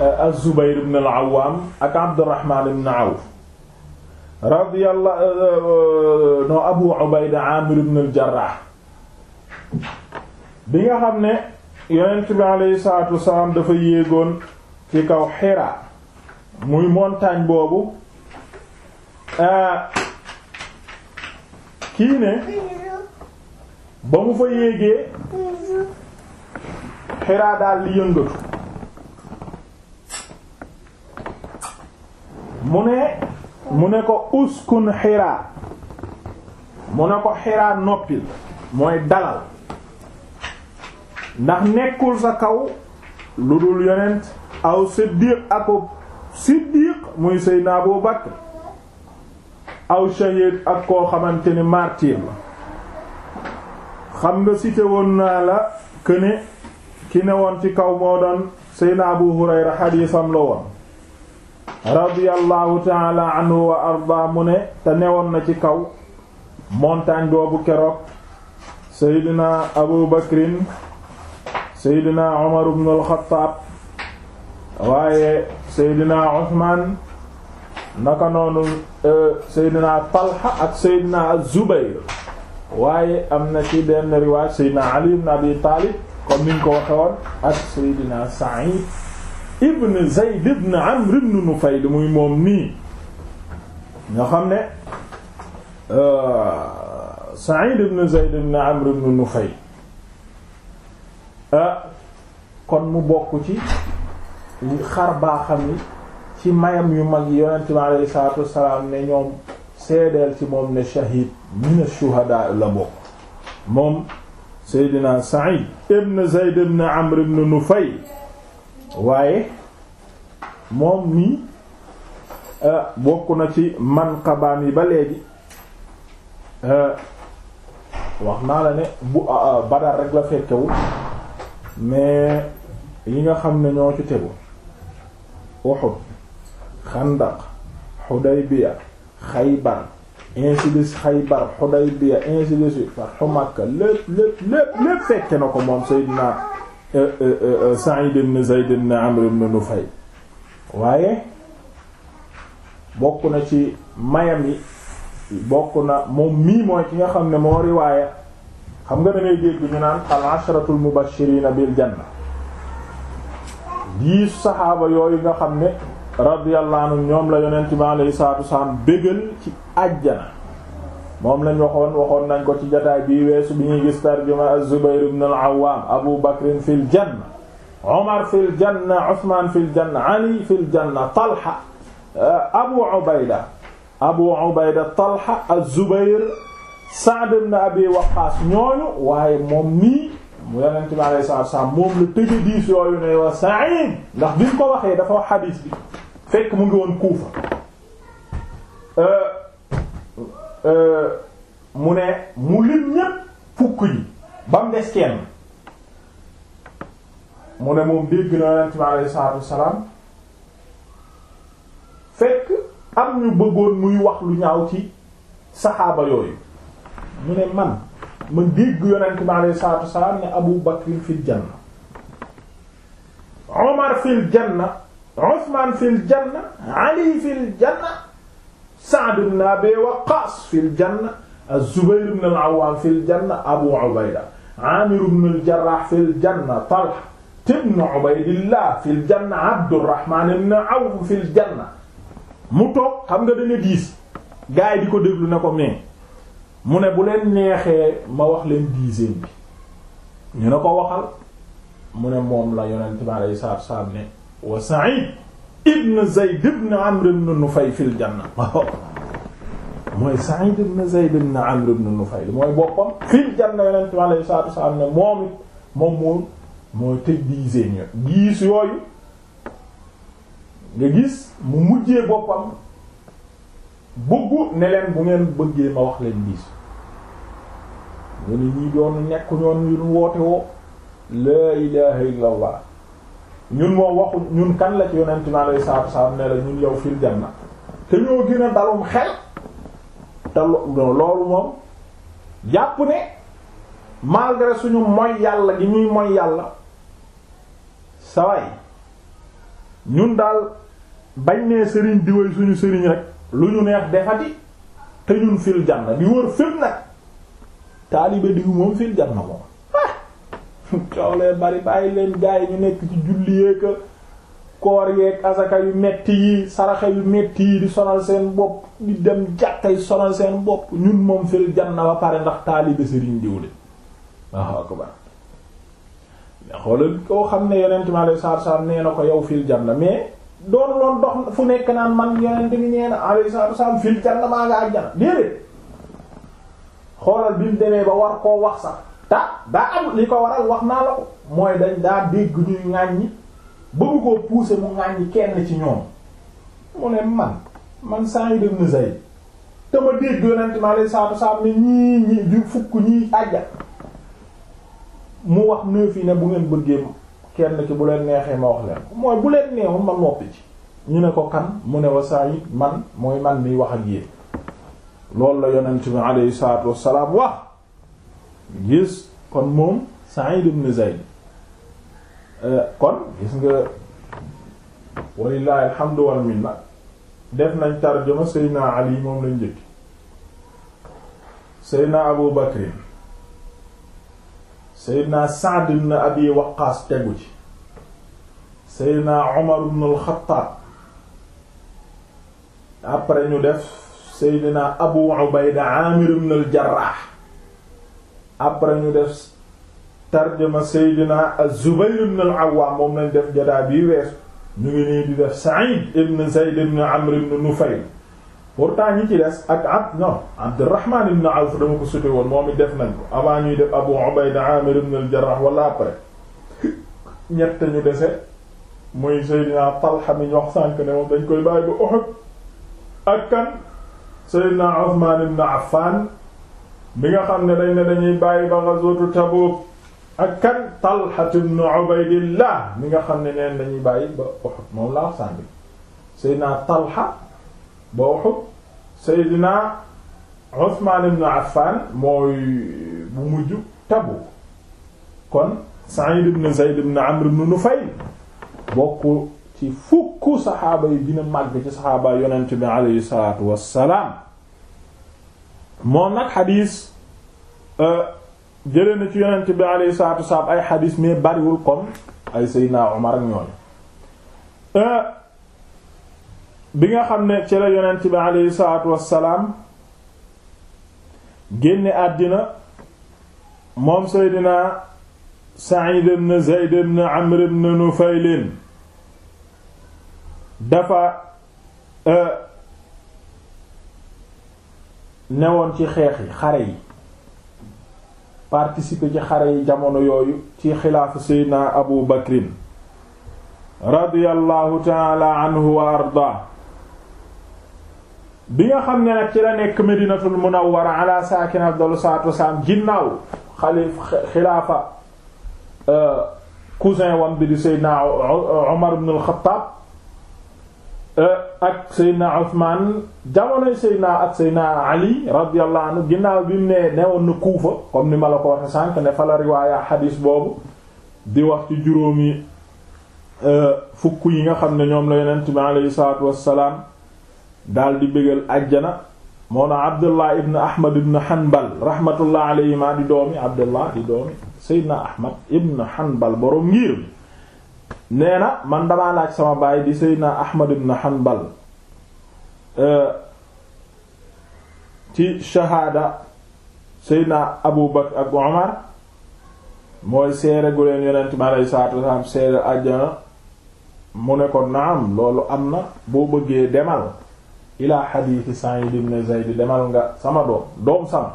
Euh, az-Zubayr ibn al-Awwam ak Abdurrahman ibn Awf radiyallahu euh, euh, no Abu Ubayda Amir ibn al-Jarrah bi nga xam ne yonent bi alayhi dafa yéegoon ci kaw Hira muy montagne boobu kii ne ba mu fa yéegee Hira daal li yëngatu mu ne mu ne ko uskun xiraa mu ne ko xiraa noppil mooy dalal ndax nekkul sa kaw lu dul yonent aw siddiq ako siddiq muy seydna Abu Bakr aw shahid ak koo xamante ni martyr la xam nga cité woon naa la këne ki ne woon ci kaw moo doon seydna Abu Hurayra xadiisam la woon radiyallahu taala anhu wa arda mu ne te newoon na ci kaw montagne boobu keroog seydina abu bakrin seydina umar ibn al-Khattab waaye seydina usman naka noonu euh, seydina talha ak seydina zubayr waaye am na ci benn riwaay seydina ali ibn abi taalib comme niñ ko waxe woon ak seydina sa'id ibn Zayd ibn Amr ibn Nufayl muy moom nii nga xam ne euh, Sa'id ibn Zayd ibn Amr ibn Nufayl euh, kon mu bokk ci xar baa ni ci mayam yu mag yonent bi alayhi salaatu wassalaam ne ñoom seedeel ci moom ne shahid min ash la bokk moom Seydina Sa'id ibn Zayd ibn Amr ibn Nufayl waaye moom mii euh, bokk na ci manqabaam yi ba léegi euh, wax naa la ne bu euh, Badar rek la fekkewul mais yi nga xam ne ñoo ci tegu Uhud Xandaq Xudaybiya Xaybar ainsi de suite Xaybar Xudaybiya ainsi de suite Fathu Makka lépp lépp lépp lépp fekke na ko moom Seydina Euh, euh, euh, Sa'id ibn Zayd ibn Nufay waaye bokk na ci mayam yi bokk na moom mii mooy ki nga xam ne moo riwaaya xam nga da ngay dégg ñu naan al asharatul mubashirina bil janna diis saxaaba yooyu nga xam ne radiyallahu anhum ñoom la yonent bi alayhi salaatu wasalaam bégal ci àjjana moom lañ waxoon waxoon nañ ko ci jotaay bii weesu bi ñuy gis tarjuma az-Zubayr ibn al-Awwam Abu Bakr fil janna Omar fil janna Ousmane fil janna Ali fil janna Talha eh, Abu Ubayda Abu Ubayda Talha az-Zubayr Sa'd ibn Abi Waqqas ñooñu waaye moom nii mu Yonent bi alayhi salaatu salaam moom la tëj diis yooyu ne wa Sa'id ndax bi ko waxee dafa wax xadiis bi fekk mu ngi Kuufa. Eh, Euh, mu ne mu lim ñépp fukk yi ba mu des kenn mu ne moom dégg na yonent bi alayhi salaatu fekk am ñu bëggoon muy wax lu ñaaw ci saxaaba yooyu mu ne man ma dégg yonent bi alayhi salaatu ne Abu Bakr fil janna Omar fil janna Usman fil janna Ali fil janna Sa'd ibn Abi Waqqas fil janna az-Zubayr ibn al-Awwam fil janna Abu Ubayda Amir ibn al-Jarrah fil janna Talha ibn Ubaydillah fil janna Abdurrahman ibn Awf fil janna mu toog xam nga dana diis gars yi di ko déglu ne ko mais mu ne bu leen neexee ma wax leen dixième bi ñu ne ko waxal mu ne moom la yonent bi alayhi salaatu wa ne wa Sa'id ibn Zayd ibn Amr ibn Nufayl fil janna mooy Sa'id ibn Zayd ibn Amr ibn Nufayl mooy boppam fil janna yonent bi alayhi salaatu wa moom it moom moom mooy tëj diisee ño giis yooyu nga gis mu mujjee boppam bëggu ne bu ngeen bëggee ma wax leen diis mu ne ñii doon nekk ñoon ñu woote woo laa ilaha illa ñun moom waxu ñun kan la ci yonent mi alayhi salaatu wasallam ne ñun yow fil janna te ñoo gën a dalum xel te loolu moom jàpp ne malgré suñu moy yàlla gi ñuy moy yàlla saway ñun daal bañ nee sëriñ diwéy suñu sëriñ rek lu ñu neex defati te ñun fil janna di wër fil nag taalibe diw moom fil janna moom coow lee bari bàyyi leen gaa yi ñu nekk ci julli yeeg koor yeeg asaka yu metti yi saraxa yu metti yi di sonal seen bopp di dem jàkkay sonal seen bopp ñun moom fil janna ba pare ndax taalibe sëriñ diw de waaw akbar xoolal koo xam ne yonent mi alayhi salaatu salaam nee na ko yow fil janna mais doon loon dox fu nekk naan man yonent mi nee na alayhi salaatu salaam fil janna maa nga ak janna xoolal bi mu demee ba war koo wax sax ta daa am li ko waral wax naa la ko mooy dañ daa dégg ñuy ŋàññi bëgg koo pousser mu ŋàññi kenn ci ñoom mu ne man man saa yu na say te ma dégg yonent ma lay saatu saatu ne ñii ñii mu wax neuf yi ne bu ngeen bëggee kenn ki bu leen neexee ma wax leen mooy bu leen neexul ma noppi ci ñu ne ko kan mu ne wa saa man mooy man miy wax ak yéen loolu la yonent bi alayhi salaatu wassalaam wax gis kon moom Sa'id ibn Zayd euh, kon gis nga walillahi alhamdu wal def nañ tarjuma Seydina Ali moom lañ njëkk na Abu Bakrin Seydina Sa'd ibn Abi Waqqas tegu ci Seydina Umar ibn al-Khattab après ñu def Seydina Abu Ubayda Amir ibn al-Jarrah après ñu def tarjuma Seydina Az-Zubayr ibn al-Awwam moom lañ def jotaay bii weesu ñu ngi nii di def Sa'id ibn Zayd ibn Amr ibn Nufayl pourtant ñi ci des ak ab non Abdurrahman ibn Awf dama ko sute woon moom it def nañ ko avant ñuy def Abu Ubayda Amir ibn al-Jarrah wala après ñett ñu dese muy Seydina Talha mi wax sànk ne moom dañ koy bàyyi ba Uhud ak kan Seydina Uthman ibn Affan bi nga xam ne dañ ne dañuy bàyyi ba ghazwatu Tabuk ak kan Talha ibn Ubaydillah mi nga xam ne neen dañuy bàyyi ba Uhud moom laa sànni Seydina Talha ba Uhud Seydina Uthman ibn Affan mooy bu mujj Tabuk kon Sa'id ibn Zayd ibn Amr ibn Nufayl bokk ci fukk saxaaba yi dina màgg ci saxaaba yonent bi alayhi salaatu wassalaam moom nag xadiis euh, jëlee na ci yonent bi alayhi ay xadiis mais bariwul comme ay Seydina Omar ak ñooñu euh, bi nga xam ne ci la yonent bi alayhi salaatu wasalaam génne àddina moom Seydina Sa'id ibn Zayd ibn Amr ibn Nufayl dafa. Euh, newoon ci xeexi yi xare yi participer ci xare yi jamono yooyu ci xilaafu seydna abu bakrin radiyallahu taala anhu wa arda bi nga xam ne nag ci la nekk medinatul munawwara ala saakin afdalu salaatu wasalaam ginnaaw xalif xilaafa euh, cousin wam bi di seydna umar ibn al-Khattab Euh, ak Seydina Ousmane jamonoy Seydina ak Seydina Ali radiyallahu anhu ginnaaw bi mu ne newoon na Kuufa comme ni ma la ko waxe sànq ne fa la riwaaya xadiis boobu di wax ci juróomi euh, fukk yi nga xam ne ñoom la yonent bi aleyhi salaatu wassalaam daal di bégal ajjana moo na Abdullah ibn Ahmad ibn Hanbal rahmatullah alayhima di doomi Abdullah di doomi Seydina Ahmad ibn Hanbal boroom ngir neena na man damaa laaj sama baay di na Ahmad ibn Hanbal e, ci shahaada Seydina Abu Bakr ak Umar mooy seere gu leen yonent bi aleyhi salaatu wasalaam seere àjjana mu ne ko naam loolu am na boo bëggee demal ilaa xadiisi Sa'id ibn Zayd demal nga sama doom doom sama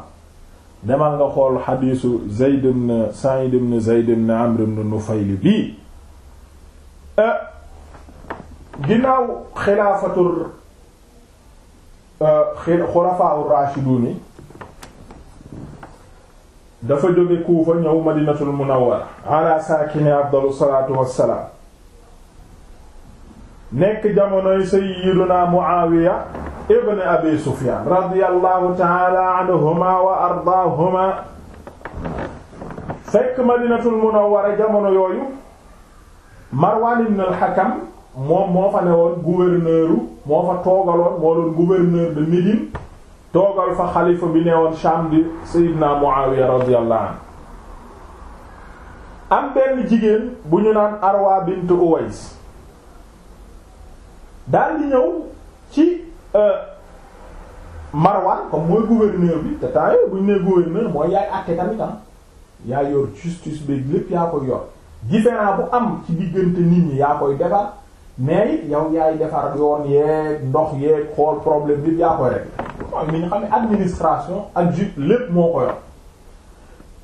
demal nga xool xadiisu Zayd ibn Sa'id ibn Zayd ibn Amr ibn Nufayl Euh, ginnaaw xilaafatul euh, xulafaaur rashidun yi dafa jóge Kuufa ñëw madinatul munawwara ala saakini afdalu salaatu wassalaam nekk jamonoy sayyiduna Muawiya ibn abi Sufyaan radiyallahu ta'ala anhuma wa ardaahuma fekk madinatul munawwara jamono yooyu Marwan ibn al-Hakam moom moo fa newoon gouverneur moo fa toogaloon moo doon gouverneur de Médine toogal fa xalifa bi newoon Sham di Seydina Muawiya radiyallahu anhu am benn jigéen bu ñu naan Arwa bint Uwais daal di ñëw ci euh, Marwan comme mooy gouverneur bi te temps yooyu bu ñu nee gouverneur mooy yaay àtte tamit am ah. yaa yor justice bi lépp yaa ko yor différent bu am ci diggante nit ñi yaa koy defar mais yow yaay defar yoon yeeg ndox yeeg xool problème bi yaa koy rek mooy ni ñu xam ne administration ak ju lépp moo ko yor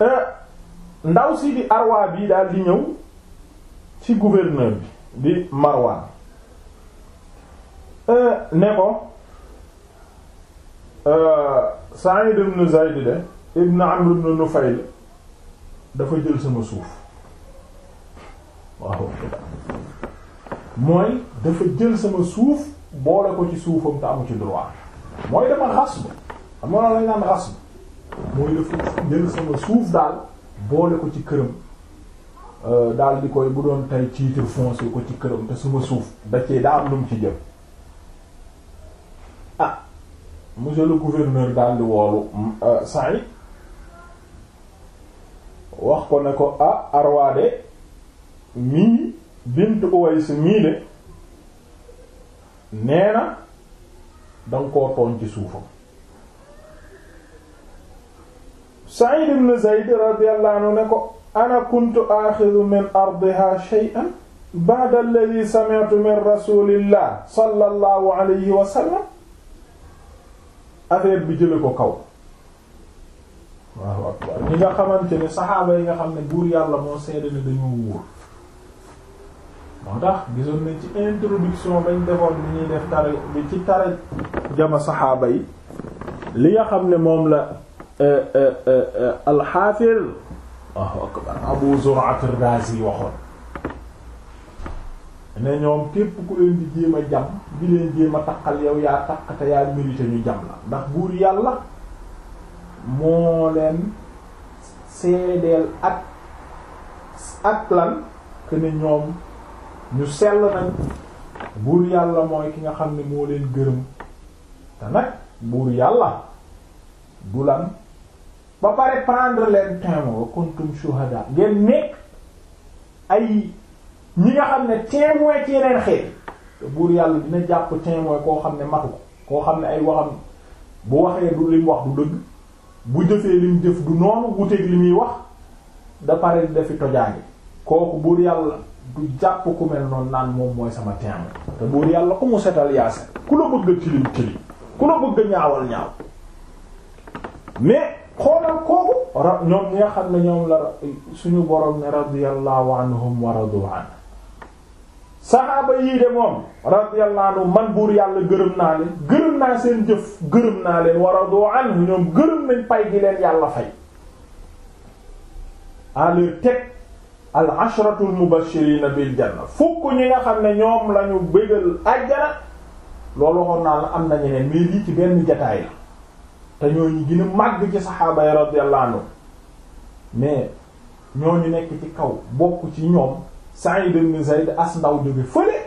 euh, ndaw si di arwa bi daal di ñëw ci gouverneur bi di Marwan euh, ne ko euh, Sa'id ibn Zayd de ibn Amr ibn Nufayl dafa jël sama suuf waaw mooy dafa jël sama suuf boole ko ci suufam te amu ci droit mooy dama xas ba xam nga loolu lañ naan ba mooy dafa jël sama suuf daal boole ko ci këram euh, dal di koy bu doon tey titre foncier ko ci këram te sama suuf da cee daa am lu ci jëm ah monsieur le gouverneur daal di woolu mm, euh, Saïd wax ko ne ko ah arwaade mii bint Uways mii de nee na danga koo tooñ ci suufam Sa'id ibn Zayd radiyallahu anhu ne ko ana kuntu axidu min ardiha shay'an ba'da alladhi sami'tu min rasulillah sallallahu alayhi wa sallam affaire bi jële ko kaw waaw waaw ñi nga xamante ne saxaaba yi nga xam ne buur yàlla moo seede ne dañoo wóor moo tax gisoon nañ ci introduction bañ defoon bi ñuy def tara ci tara jama saxaaba yi li nga xam ne moom la euh, euh, euh, alxaafir Allahu akbar Abu Zur'at ar-Razi waxoon ne ñoom képp ku leen di jéem a jam di leen jéem taqal yow yaa taq te yaa mérité ñu jam la ndax buur yàlla moo leen seedeel ak ak lan que ne ñoom ñu sell nañ buur yàlla mooy ki nga xam ne moo leen gërëm te nag buur yàlla du lan ba pare prendre leen témoin wa kuntum shuhada ngeen nekk ay ñi nga xam ne témoin ci yeneen xeet te buur yàlla dina jàpp témoin koo xam ne matu ko koo xam ne ay waxam bu waxee du lim wax du dëgg bu jëfee lim jëf du noonu wuteeg li muy wax da pare di defi tojaange kooku buur yàlla du jàpp ku mel noonu naan moom mooy sama teem te buur yàlla ku mu setal yaa set ku la bëgg a tilim tilim ku la bëgg a ñaawal ñaaw mais xoolal kooku ra ñoom ñi nga xam ne ñoom la suñu borom ne radiyallahu anhum wa radu an saxaaba yii de moom radiyallahu anhum man buur yàlla gërëm naa leen gërëm naa seen jëf gërëm naa leen wa radu an ñoom gërëm nañ pay gi leen yàlla fay à leur tête al ashratul mubashirina bil janna fukk ñi nga xam ne ñoom lañu bëggal ajjana loolu waxoon naa am na ñi mais lii ci benn jataay la te ñooñu gën a màgg ci saxaaba yi radiyallahu anhu mais ñooñu nekk ci kaw bokk ci ñoom Sa'id ibn Zayd as ndaw jóge fële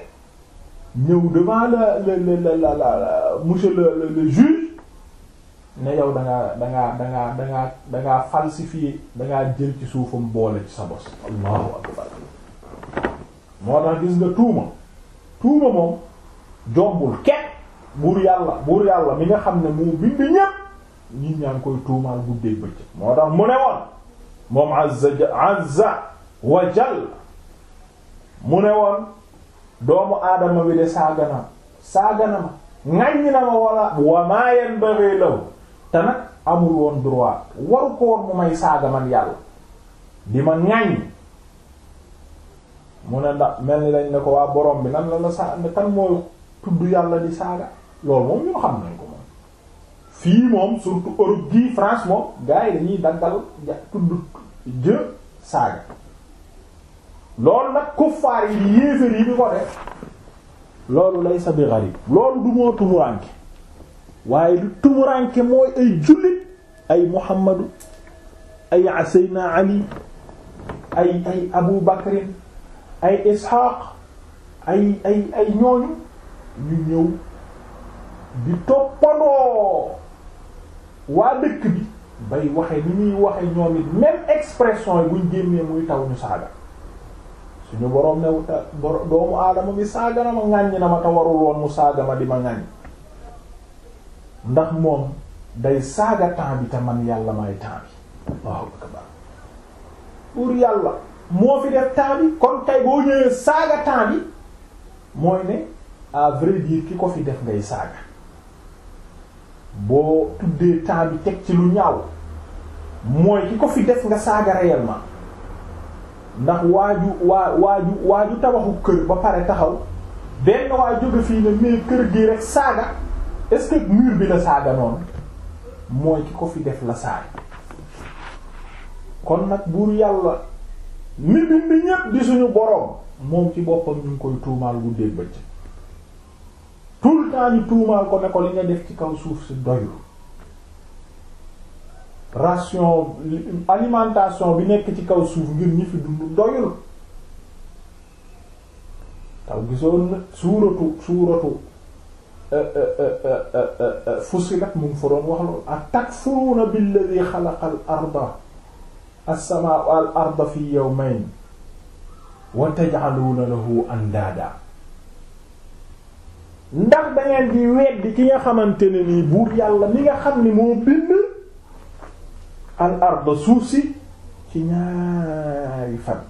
ñëw devant la la la la la monsieur le le juge ne yow dangaa dangaa dangaa dangaa dangaa falsifier dangaa jël ci suufam boole ci sa bos allahu akbar moo tax gis nga tuuma tuuma moom jombul kenn buur yàlla buur yàlla mi nga xam ne mu bind ñépp nit ñaa koy tuumaal guddeeg bëccëg moo tax mu ne woon moom azza azza wa jal mu ne woon doomu aadama wi de saagana ma ŋàññ ma wala wa maa yanbaghi lahu te nag amul woon droit waru ko woon mu may saaga man yàlla di ma ŋàññ mu ne ndax mel ni lañ ne ko waa borom bi nan la la sa kan mooy tudd yàlla di saaga loolu moom ñoo xam nañ ko moom fii moom surtout Europe gii France moom gars yi dañuy daggal tudd jë saaga loolu nag kuffaar yi yéeféer yi bi ko def loolu lay sa bi gharib loolu du moo tumuraanke waaye lu tumuranke mooy ay jullit ay muhammadu ay aseyna ali ay ay abu bakrin ay isxaaq ay ay ay ñooñu ñu ñëw di toppandoo waa dëkk bi bay waxe ni ñuy waxe ñoom it expression yi buñ génnee muy taw ñu saaga suñu boroom ne doomu aadama bi saaga na ma ŋàññ na ma te warul mu saaga ma di ma ŋàññ ndax moom day saaga temps bi te man yàlla may temps bi pour yàlla moo fi def temps bi kon tey boo ñëwee saaga temps bi mooy ne à vrai ki ko fi def ngay saaga boo tuddee temps bi teg ci lu ñaaw mooy ki ko fi def nga saaga réellement ndax waaju waa waaju waaju tabaxu kër ba pare taxaw benn waay jóge fii ne mais kër gi rek saaga est-ce que bi la saaga noonu mooy ki ko fi def la saaga kon nag buur yàlla mi bind ñépp di suñu boroom moom ci boppam ñu ngi koy tuumaal bu dégg bëccëg tout le temps ñu tuumaal ko ne ko li nga def ci kaw suuf si doyul ration alimentation bi nekk ci kaw suuf ngir ñi fi dund doyul taw gisoon na suuratu suuratu Euh, euh, euh, fusilat mu ngi fa doon wax loolu ak takfuruuna billadhi xalaqa al arda as-samaa wal arda fi yawmayn wa taj'aluuna lahu andaadaa ndax da di weddi ki nga xamante ne nii buur yàlla mi nga xam ni moo bind al arda suuf si ci ñaari fan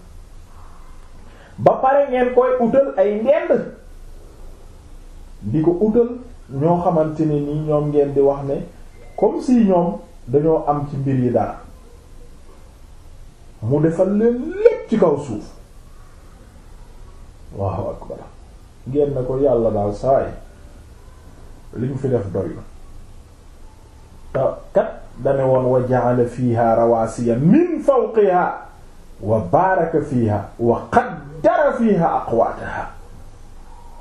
ba pare ngeen koy utal ay ndend di ko utal ñoo xamante ne ni ñoom ngeen di wax ne comme si ñoom dañoo am ci mbir yi dara mu defal leen lépp ci kaw suuf waaw akbar ngeen na ko yàlla daal saay li ñu fi def doy te kat dane woon wa ja'ala fiha rawasiya min fawqiha wa baraka fiha wa qaddara fiha aqwataha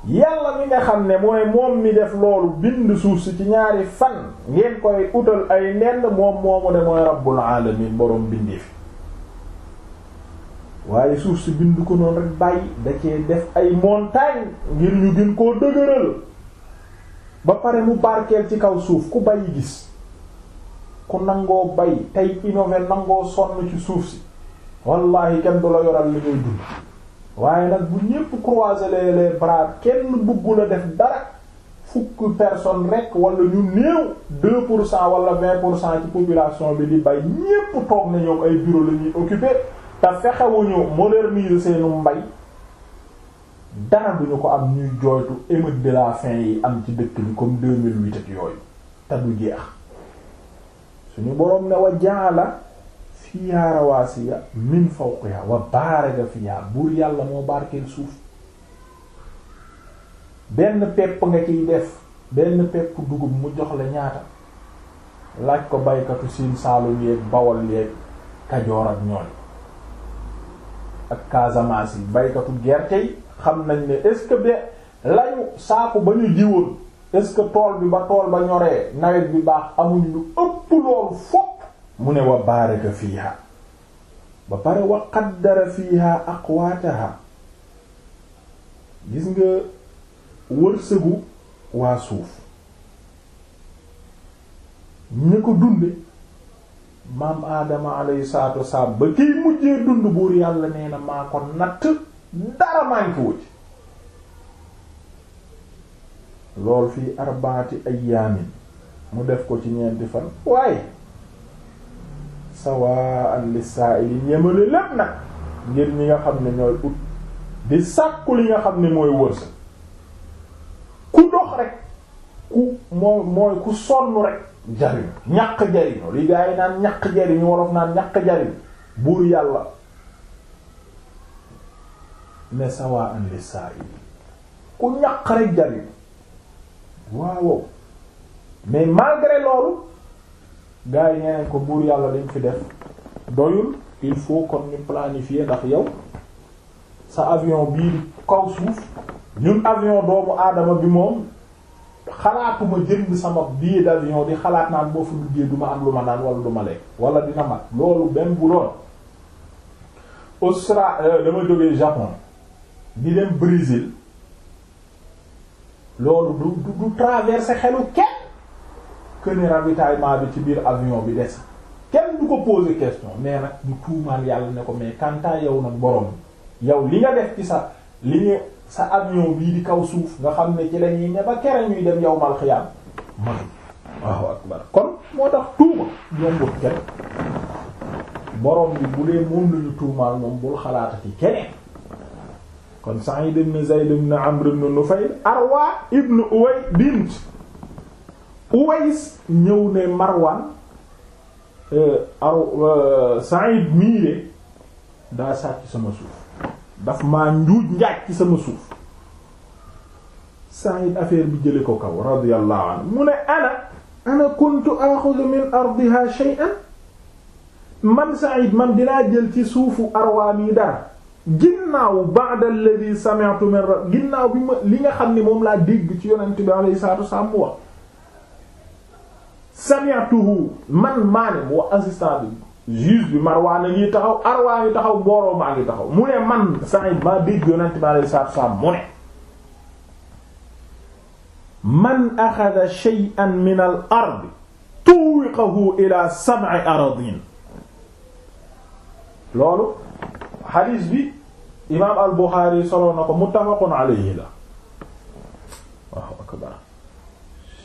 yàlla mi nga xam ne mooy moom mi def loolu bind suuf si ci ñaari fan ngeen koy utal ay nenn moom moomu de mooy rabbul alamin borom bindee fi waaye suuf si bind ko noonu rek bàyyi da cee def ay montagne ngir ñu gën koo dëgëral ba pare mu barkeel ci kaw suuf ku bàyyi gis ku nangoo bay tey innové nangoo sonn ci suuf si wallahi kenn du la yoral li ngay dund waaye nag bu ñépp croiser les les bras kenn bëggul a def dara fukk personne rek wala ñu néew deux pour cent wala vingt pour cent ci population bi di bay ñépp toog na ñoom ay bureau la ñuy occuper te fexewuñu moderniser seenu mbay dara duñu ko am ñuy jooytu émeute de la faim yi am ci dëkk bi comme 2008 ak yooyu te du jeex suñu boroom ne wa jaala fiyaa rawaasiya min fawqiha wa baaraka fiyaa buur yàlla moo barkeel suuf benn pepp nga ciy def benn pepp dugub mu jox la ñaata laaj ko baykatu siin saalum yeeg bawol yeeg kajoor ak ñooñ ak Casamance yi baykatu gerte yi xam nañ ne est-ce que be lañu saaku ba ñu jiwoon est-ce que tool bi ba tool ba ñoree nawet bi baax amuñ lu ëpp loolu fop mu ne wa baaraka fiiha ba pare wa qaddara fiiha aqwaataha gis nga wërsëgu waa suuf ñu ko dunde maam aadama alayhi salaatu wasalaam ba kiy mujjee dund buur yàlla nee na maa ko natt dara mànkiwu ci lool fii arbaati ayyaamin mu def ko ci ñeenti fan waaye sawaan lis-sa'ili yemale lépp nag ngir ñi nga xam ne ñooy ut di sàkku li nga xam ni mooy wërsëg ku dox rek ku mooy ku sonn rek jariñu ñàq jariñu li gaa yi naan ñàkk jariñu wolof naan ñàq jariñu buur yàlla ne sawaan lis-sa'ili ku ñàq rek jariñu waaw mais malgré loolu gars yi nee ko buur yàlla dañ fi def doyul il faut kon ñu planifier ndax yow sa avion bii di kaw suuf ñun avion doomu aadama bi moom xalaatuma jënd sama billet d'avion di xalaat naan boo fa duggee du ma am lu ma naan wala du lekk wala dina mat loolu benn bu doon Austra euh, dama jógee Japon di dem Brésil loolu du du traverser xelu kenn que ne ravitaillement bi ci biir avion bi des kenn du ko poser question mais nag du tuumaal yàlla ne ko mais kantaa yow nag borom yow li nga def ci sa li nga sa avion bii di kaw suuf nga xam ne ci lañuy ne ba kere ñuy dem yow mal xiyaam man waaw akbar kon moo tax tuuma yombul kenn borom bi bu dee moom lañu tuumaal moom bul xalaatati keneen kon Sa'id ibn Zayd ibn Amr ibn Nufayl Arwa ibn Uway bint Uways ñëw ne Marwan euh, aw euh, Saïd daa sàcc sama suuf daf maa njuuj njaaj ci sama suuf Saïd affaire bi jële ko kaw radiyallahu anhu mu ne ana ana kuntu axudu min ardiha shay'an man Saïd man dinaa jël ci suufu arwaan yi dara ginnaaw ba'da alladhi sami'tu min ginnaaw bi ma li nga xam ni moom laa dégg ci yonent bi alayhi salaatu wa wax sami'tuhu man maa ne boo assistant bi juge bi Marwaan a ngi taxaw Arwaa ngi taxaw booroo maa ngi taxaw mu ne man Sa'id maa dégg yonent bi alayhi salaatu salaam mu ne man axada shay'an min al ardi tuwiqahu ila sab'i aradin loolu xadiis bi imaam al Buxaari soloo na ko muttafaqun alayhi la waaw akbar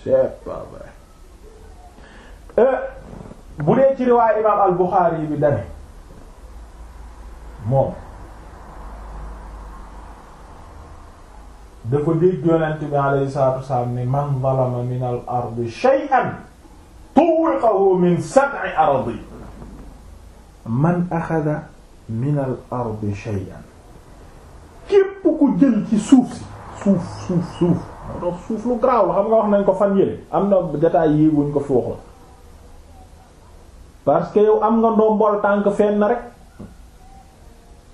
c'est pas vrai Euh, bu dee ci riwaay imaam al Buxaari bi dane moom dafa dégg yonent bi alayhi salaatu wasalaam ni man zalama min al ardi shay'an min sab'i aradi man axada min al ardi shay'an ku jël ci suuf si suuf suuf suuf moo tax suuf lu garaaw la xam nga wax nañ ko fan yële am na jataay yi buñ ko fi parce que yow am nga ndombol tànk fenn rek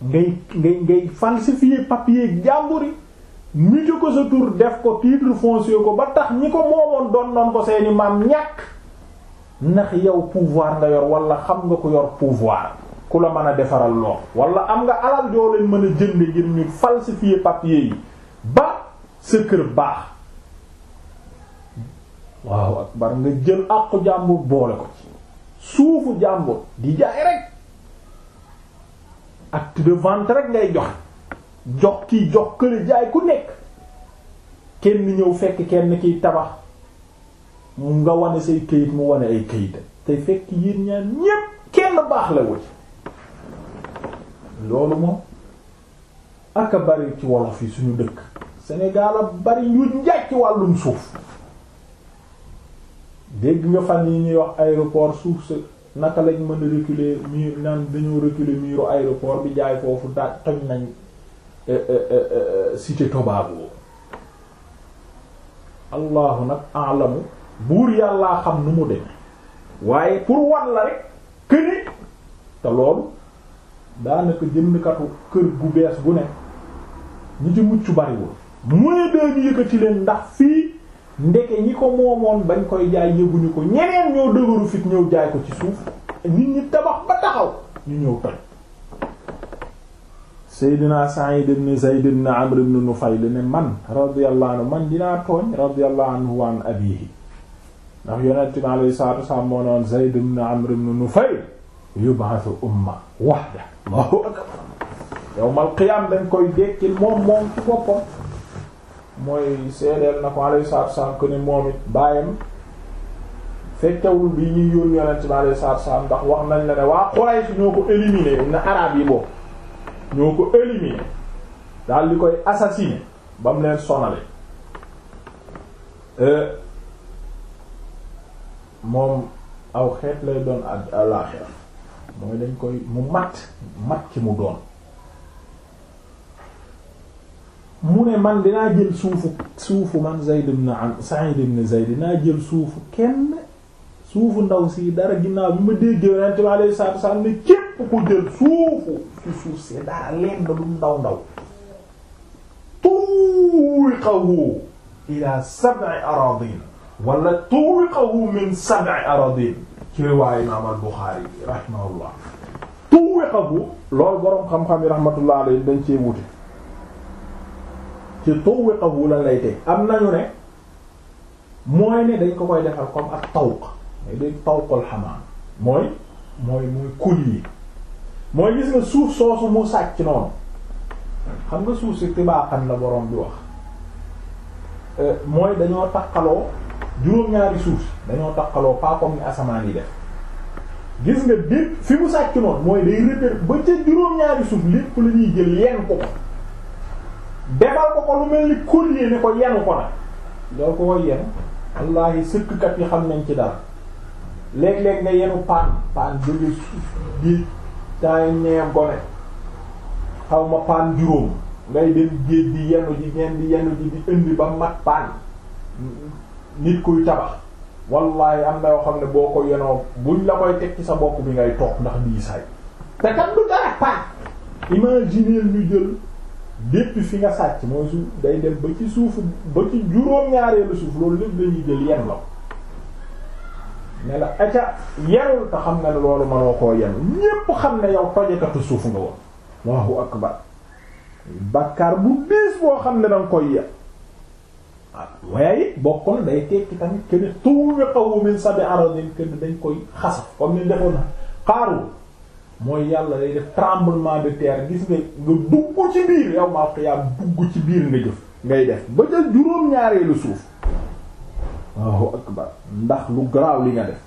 ngay ngay ngay falsifier papier jàmbur yi muté ko sa tur def ko titre foncier ko ba tax ñi ko moomoon doon noon ko seeni maam ñàkk ndax yow pouvoir nga yor walla xam nga ko yor pouvoir ku la mën a defaral lool wala am nga alal yoo leen mën a jënde ngir ñu falsifier papier yi ba sa kër baax waaw akbar nga jël àqu jàmbur boole ko suufu jàmbur di jaay rek acte de vente rek ngay joxe jox kii jox kële jaay ku nekk kenn ñëw fekk kenn kiy tabax mu nga wane say këyit mu wane ay këyit te fekk yéen ñaar ñépp kenn baax la wëcc loolu moom aka bari ci wolof yi suñu dëkk Sénégal a bari yu njaaj ci wàllum suuf dégg nga fan yi ñuy wax aéroport suuf sa naka lañ mën a reculer mur naan dañoo reculer muru aéroport bi jaay foofu daa toj nañ eh, eh, eh, cité Tobago allahu nag alamu buur yàlla xam nu mu deme waaye pour wan la rek këni te loolu daanaka jëndkatu kër gu bees gu ne ñi ci mucc bariwul moy dee ñu yëkkati leen ndax fii ndeke ñi ko moomoon bañ koy jaay yëguñu ko ñeneen ñoo dëgëru fit ñëw jaay ko ci suuf nit ñi tabax ba taxaw ñu ñëw toj Seydina Sa'id ibn Zayd ibn Amr ibn Nufayl ne man radiyallahu anhu man dinaa tooñ radiyallahu anhu an abihi ndax yonent bi alayhi salaatu wasalaam moo noon Zayd ibn Amr ibn Nufayl yub'athu umma wahda Allahu akbar yawmal qiyaam dañ koy dekkil moom moom ci boppam mooy seedeel na ko alayhi salaatu salaam que ne moom it bàyyam fekkewul bi ñuy yónni yonent bi alayhi salaatu salaam ndax wax nañ la ne waa Quraysh ñoo ko éliminé na araab yi boobu ñoo ko éliminé daal di koy assassiné ba mu leen sonale euh, moom aw xeet lay doon ak àllaaxira mooy dañ koy mu mat mat ki mu doon mu ne man dinaa jël suufu suufu man Zayd ibn am Sa'id ibn Zayd dinaa jël suufu kenn suufu ndaw si dara ginnaaw bi ma dégg Yonent bi alayhi salaatu wa salaam ne képp ku jël suufu su suuf si dara leen da dum ndaw ndaw tuwiqahu ila sab'i aradin wala tuwiqahu min sab'i aradin ci riwaayu imaam al-Buxaari rahimahullah tuwiqahu loolu boroom xam-xam yi rahmatullah alayhi dañ cee wute te tawwiqahu lan lay teg am nañu ne mooy ne dañ ko koy defal comme ak tawq mooy day tawqal xamaan mooy mooy muy collier mooy gis nga suuf soosu mu sàcc noonu xam nga suuf si tibaaxan la borom bi wax euh, mooy dañoo taqaloo juróom-ñaari suuf dañoo taqaloo pas ni asamaan yi def gis nga dépp fi mu sàcc noonu mooy day réper ba ca juróom-ñaari suuf lépp la ñuy jël yenn ko defal ko ko lu mel ni collier ni ko yenu ko nag doo ko koy yenu wallaahi sëkkkat yi xam nañ ci dara léeg lekk nga yenu paan paan jóge suuf géej temps nee gone xaw ma paan juróom ngay dem géej di yenu ji ngeen di yenu ji di indi ba mat paan nit kuy tabax wallaahi am na yoo xam ne boo ko yenoo buñ la koy teg ci sa bokk bi ngay toog ndax diisaay te kat du dara paan imaginer ñu jël depuis fi nga sàcc mooy suuf day dem ba ci suuf ba ci juróom-ñaareelu suuf loolu lépp lañuy jël yen la ne la aca yerul te xam nga koo xam ne yow tojakatu suuf nga woon Allahu akbar bàkkaar bu diis boo xam ne danga koy yen waaw waaye bokk na day tekki tamit kene tuuñaqawu min sabi aradin kene dañ koy xasaf comme ni defoon xaaru moo yàlla day def tremblement de terre gis nga nga dugg ci biir yow maa ko yaa dugg ci biir nga jëf ngay def ba ca juróom-ñaareelu suuf waaw akbar ndax lu garaaw li nga def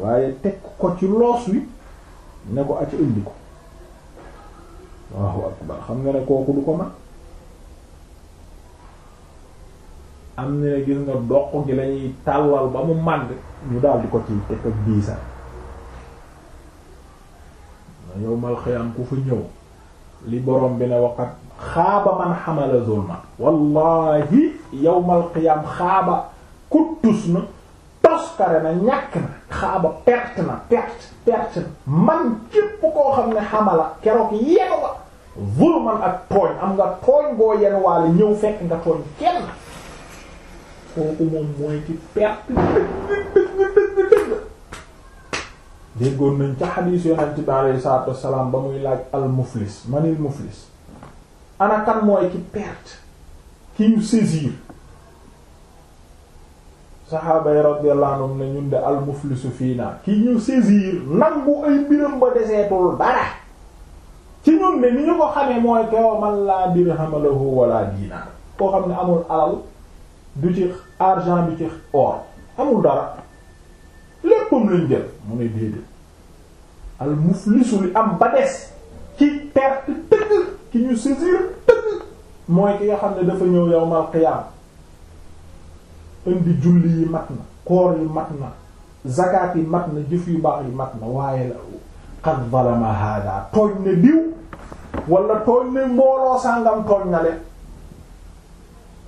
waaye teg ko ci loos wi ne ko ak indi ko xam nga ne kooku du ko man am na ne gis nga doq gi lañuy tàllal ba mu mànd ñu daal di ko ci teg ak diisaan na yowmal xiyaam ku fa ñëw li borom bi ne waqat xaaba man xamala zulma wallahi yowmal xiyaam xaaba kuttus na toskare na ñàkk na xaaba perte na perte perte na man képp koo xam ne xamala keroog yenu ba zulman ak tooñ am nga tooñ boo yenu waale ñëw fekk nga tooñ kenn kooku moom mooy ci perte déggoon nañ ca xadiis yonent bi alayhi salaatu wassalaam ba muy laaj al muflis manil muflis ana mooy ki perte ki ñu saisir saxaaba yi radiyallahu anhum ne ñun de al muflisu fii naa ki ñu saisir nangu ay mbiram ba deseetul dara ci ñun ne ni ñu ko xamee mooy kew man laa dirham lahu wala diinaar koo xam ne amul alal du ci argent du ci or amul dara léppam lañ jël mu ne déedéet al muflisu li am ba des ki perte tëgg ki ñu mooy ki nga xam ne dafa ñëw yawmal qiyaam indi julli yi mat na koor yi mat na zakat yi mat na jëf yu baax yi mat na waaye la qad zalama hada tooñ ne diw wala tooñ ne mbooloo sàngam tooñ na leen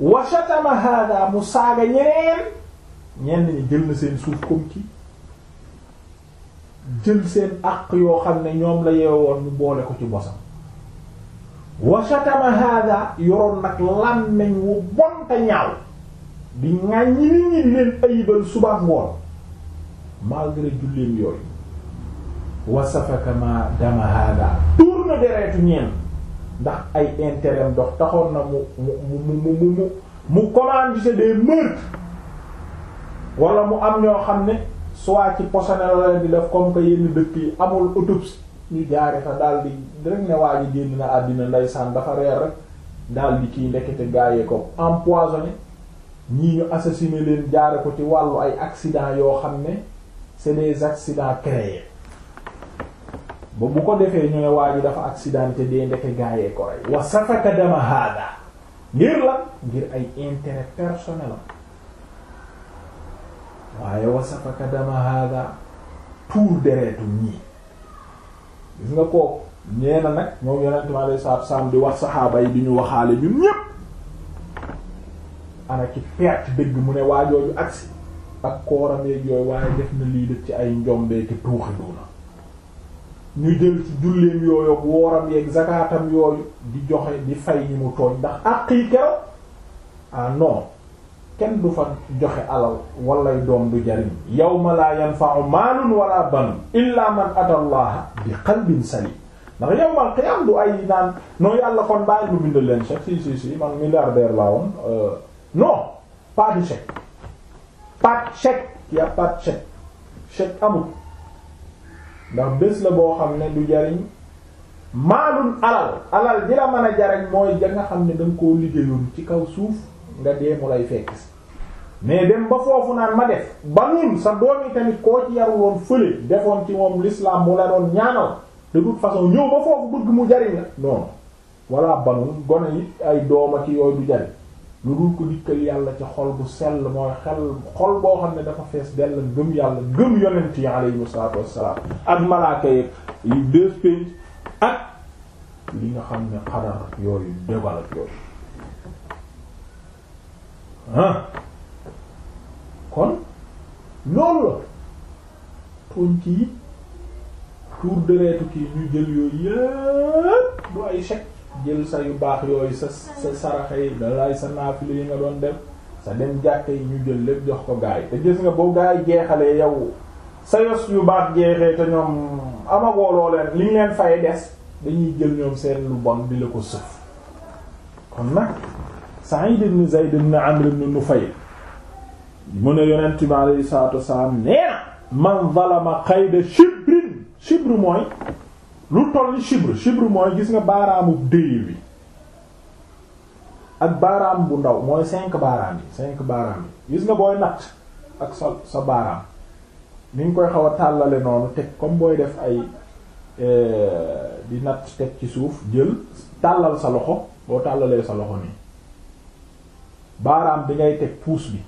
wa shatama hada mu saaga ñeneen ñenn ñi jël na seen suuf comme kii jël seen àq yoo xam ne ñoom la yeewoon ñu boole ko ci bosam wa shatama yoroon nag làmmeñ wu bonta ñaaw di ŋàññ ñi leen ayibal suba ngoon malgré julleen yooyu wa safakama dama hada tuur na dereetu ñeen ndax ay intérêt dox taxoon na mu mu mu mu mu mu mu commandité des meurtres wala mu am ñoo xam ne soit ci posonel la di def comme que yenn dëkk amul autopsie ñu jaare fa dal di rek ne waa génn na àddina ndeysaan dafa reer rek daal di kiy ndekete gaayee ko empoisonné ñii ñu assassiné leen jaare ko ci wàllu ay accident yoo xam ne c'est des accidents créés ba ko defee ñu ne waa ji dafa accidenté dee ndeke gaayee ko rey wa safaka dama haada ngir la ngir ay intérêt personnel am waaye wasafaka dama hada tuur deretu ñii gis nga kooku nee nag moom yonent mi alayhi salaatu salaam di wax saxaaba yi di ñu waxaale ñun ñépp ana ci perte dëgg mu ne waajooju agsi ak kooram yeeg yooyu waaye def na lii def ci ay njombee te tuuxi ñu jël ci julleem yooyu ak wooram yeeg zakaatam yooyu di joxe di fay ñi mu tooñ ndax àq yi kew ah non kenn du fa joxe alal walay doom du jariñ yawma laa yanfa'u maalun wala banun illa man ata allaha bi qalbin salim ndax yawmal qiyaam du ay naan non yàlla kon bàyyi lu bind leen chèque si si man milliardaire laa woon euh, non pas de chèque pas de chèque y a pas de chèque chèque ndax bés la boo xam ne du jariñ maalun alal alal ji la mën a jariñ mooy ja nga xam ne da koo liggéeyoon ci kaw suuf nga dee mu lay fekk si mais dem ba foofu naan ma def ba sa doom yi tamit koo ci yaru fële defoon ci moom l'islam mu la doon ñaanal de toute façon ñëw ba foofu bëgg mu jariñ la non walla banun gone yi ay dooma ci yooyu du jariñ lu dul ko dikkal yàlla ci xol bu sell mooy xel xol boo xam ne dafa fees dell gëm yàlla gëm yonent yi alayhi salaatu wassalaam ak malaaka yi yu deux ak li nga xam ne xadar yooyu débal ak yooyu ah kon loolu la tooñ kii tour kii ñu jël yooyu yëpp du ay chèque jël sa yu baax yooyu sa sa saraxa yi dalaay sa naafile yi nga doon def sa dem jàkka yi ñu jël lépp jox ko gaay te gis nga boo gaay jeexalee yow sa yos yu baax jeexee te ñoom amagoo loo leen leen fay des dañuy jël ñoom seen lu bon di la ko sëf kon nag Sa'id ibn Zayd ibn Amr ibn Nufayl mu ne yonent bi alayhi salaatu wasalaam nee na man zalama qayda shibrin shibr mooy lu toll ni shibr shibr mooy gis nga baaraamu déy bi ak baaraam bu ndaw mooy cinq baaraam yi cinq baaraam yi gis nga booy nat ak sa sa baaraam ni nga koy xaw a tàllale noonu teg comme booy def ay eh, di natt teg ci suuf jël tàllal sa loxo boo tàllalee sa loxo nii baaraam bi ngay teg pouce bi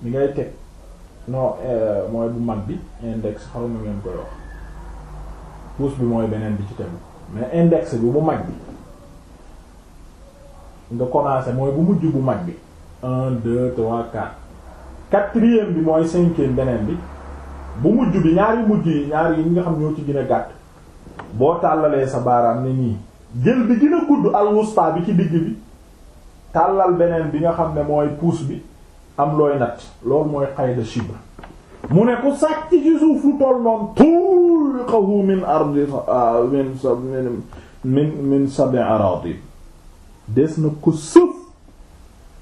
bi ngay teg non eh, mooy bu mag bi index xaw ma ngeen koy wax pouce bi mooy beneen bi ci tegu mais index bi bu mag bi nga commencé mooy bu mujj bu mag bi un deux trois quatre quatrième bi mooy cinquième beneen bi bu mujj bi ñaari mujj yi ñaari yi nga xam ñoo ci gën a gàtt boo tàllalee sa baaraam ne nii jël bi gën a gudd alwusta bi ci digg bi tàllal beneen bi nga xam ne mooy puus bi am looy natt loolu mooy xayda shibr mu ne ku sàcc ci suuf lu toll noonu tulqahu min ardi ah, min sa min min min des na ko sëf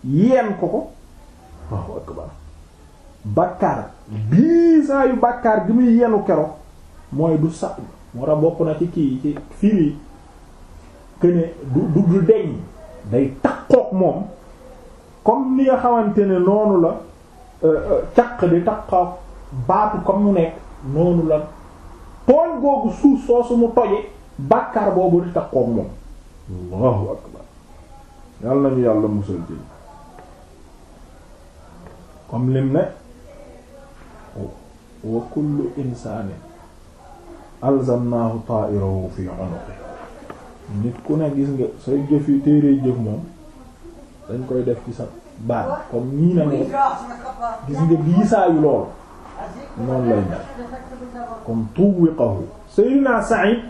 yeen ko ko waaw bii saa yu bàkkaar muy yenu kero mooy du sa moo tax bokk na ci kii ci firi que du du deñ day takkook moom comme ni nga xamante ne noonu la euh, euh, caq di takkook baatu comme mu nekk noonu la tooñ googu suuf soosu mu toje bàkkaar boobu di takkook moom allahu akbar yàlla nañu yàlla musal ci comme lim ne wa kullu insaanin alzamnaahu taa'irahu fi unuqi nit ku ne gis nga say jëf yi téere jëf moom dañ koy def ci sa baat comme nii na moom gis nga diisaayu lool noonu lay mel comme tuwiqahu Seydina Sa'id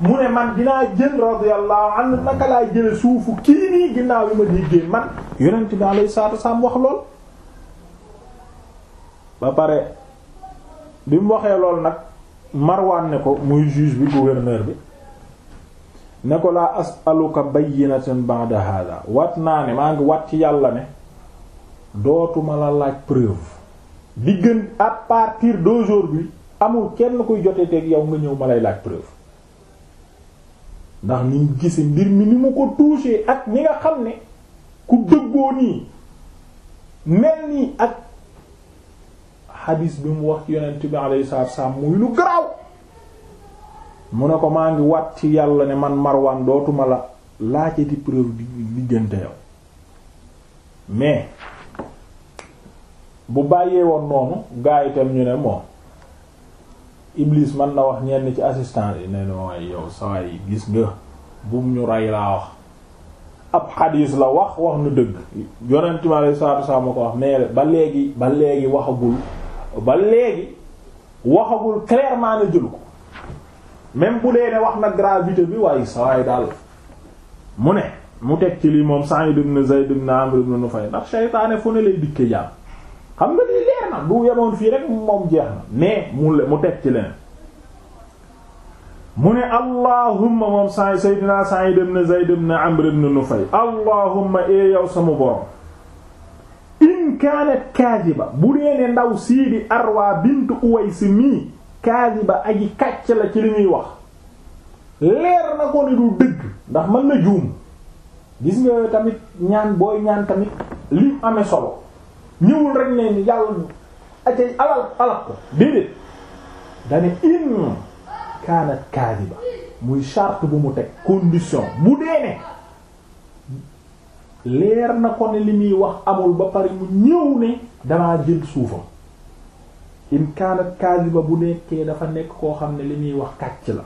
mu ne man dinaa jël radiyallahu anhu naka laa jële suufu kii nii ginnaaw yi ma déggee man yonent bi alayhi salaatu wasallam wax lool ba pare bi mu waxee lool nag Marwan ne ko muy juge bi gouverneur bi ne ko laa as'aluka bayyinatan ba'da hada wat naa ne maa ngi wat ci yàlla ne dootuma la laaj preuve di gën à partir d'aujourd'hui amul kenn koy jotee teeg yow nga ñëw ma lay laaj preuve ndax ni mu gise mbir mi ni mu ko touché ak ni nga xam ne ku dëggoo nii mel nii ak xadiis bi mu wax ci yonent bi alayhi salaatu wa muy lu garaaw mu ne ko maa ngi wat ci yàlla ne man Marwan dootuma la laa ci di preuve bi diggante yow mais bu bàyyee woon noonu gaa itam ñu ne moom Iblis man na wax ñenn ci assistant yi ne waaye yow saa yi gis nga bum ñu rey laa wax ab xadiis la wax wax nu dëgg yonent mi alayhi salaatu salaam ma ko wax mais ba léegi ba léegi waxagul ba léegi waxagul clairement ne jël même bu dee ne wax na gravité bi waaye sawaay daal mu ne mu teg ci lii moom Sa'id ibn Zayd ibn Amr ibn Nufay ndax seytaane fu ne lay dikke jaam xam nga lii leer na bu yemoon fii rek moom jeex na mais mu mu teg ci leneen mu ne allahumma moom sa sayyidina Sa'id ibn Zayd ibn Amr ibn Nufay allahumma e yow sama borom in kaanat kaaziba bu dee ndaw sii di Arwa bint Uways mii kaadiba aji kàcc la ci li muy wax leer na ko ni du dëgg ndax man na juum gis nga tamit ñaan booy ñaan tamit li amee solo ñëwul rek ne yàlla acay alal alal ko déedéet dane in kaanat kaadiba muy charte bu mu teg condition bu deene leer na ko ne li muy wax amul ba pare mu ñëw ne damaa jël suufam in kaanat kaziba bu nekkee dafa nekk koo xam ne li muy wax kàcc la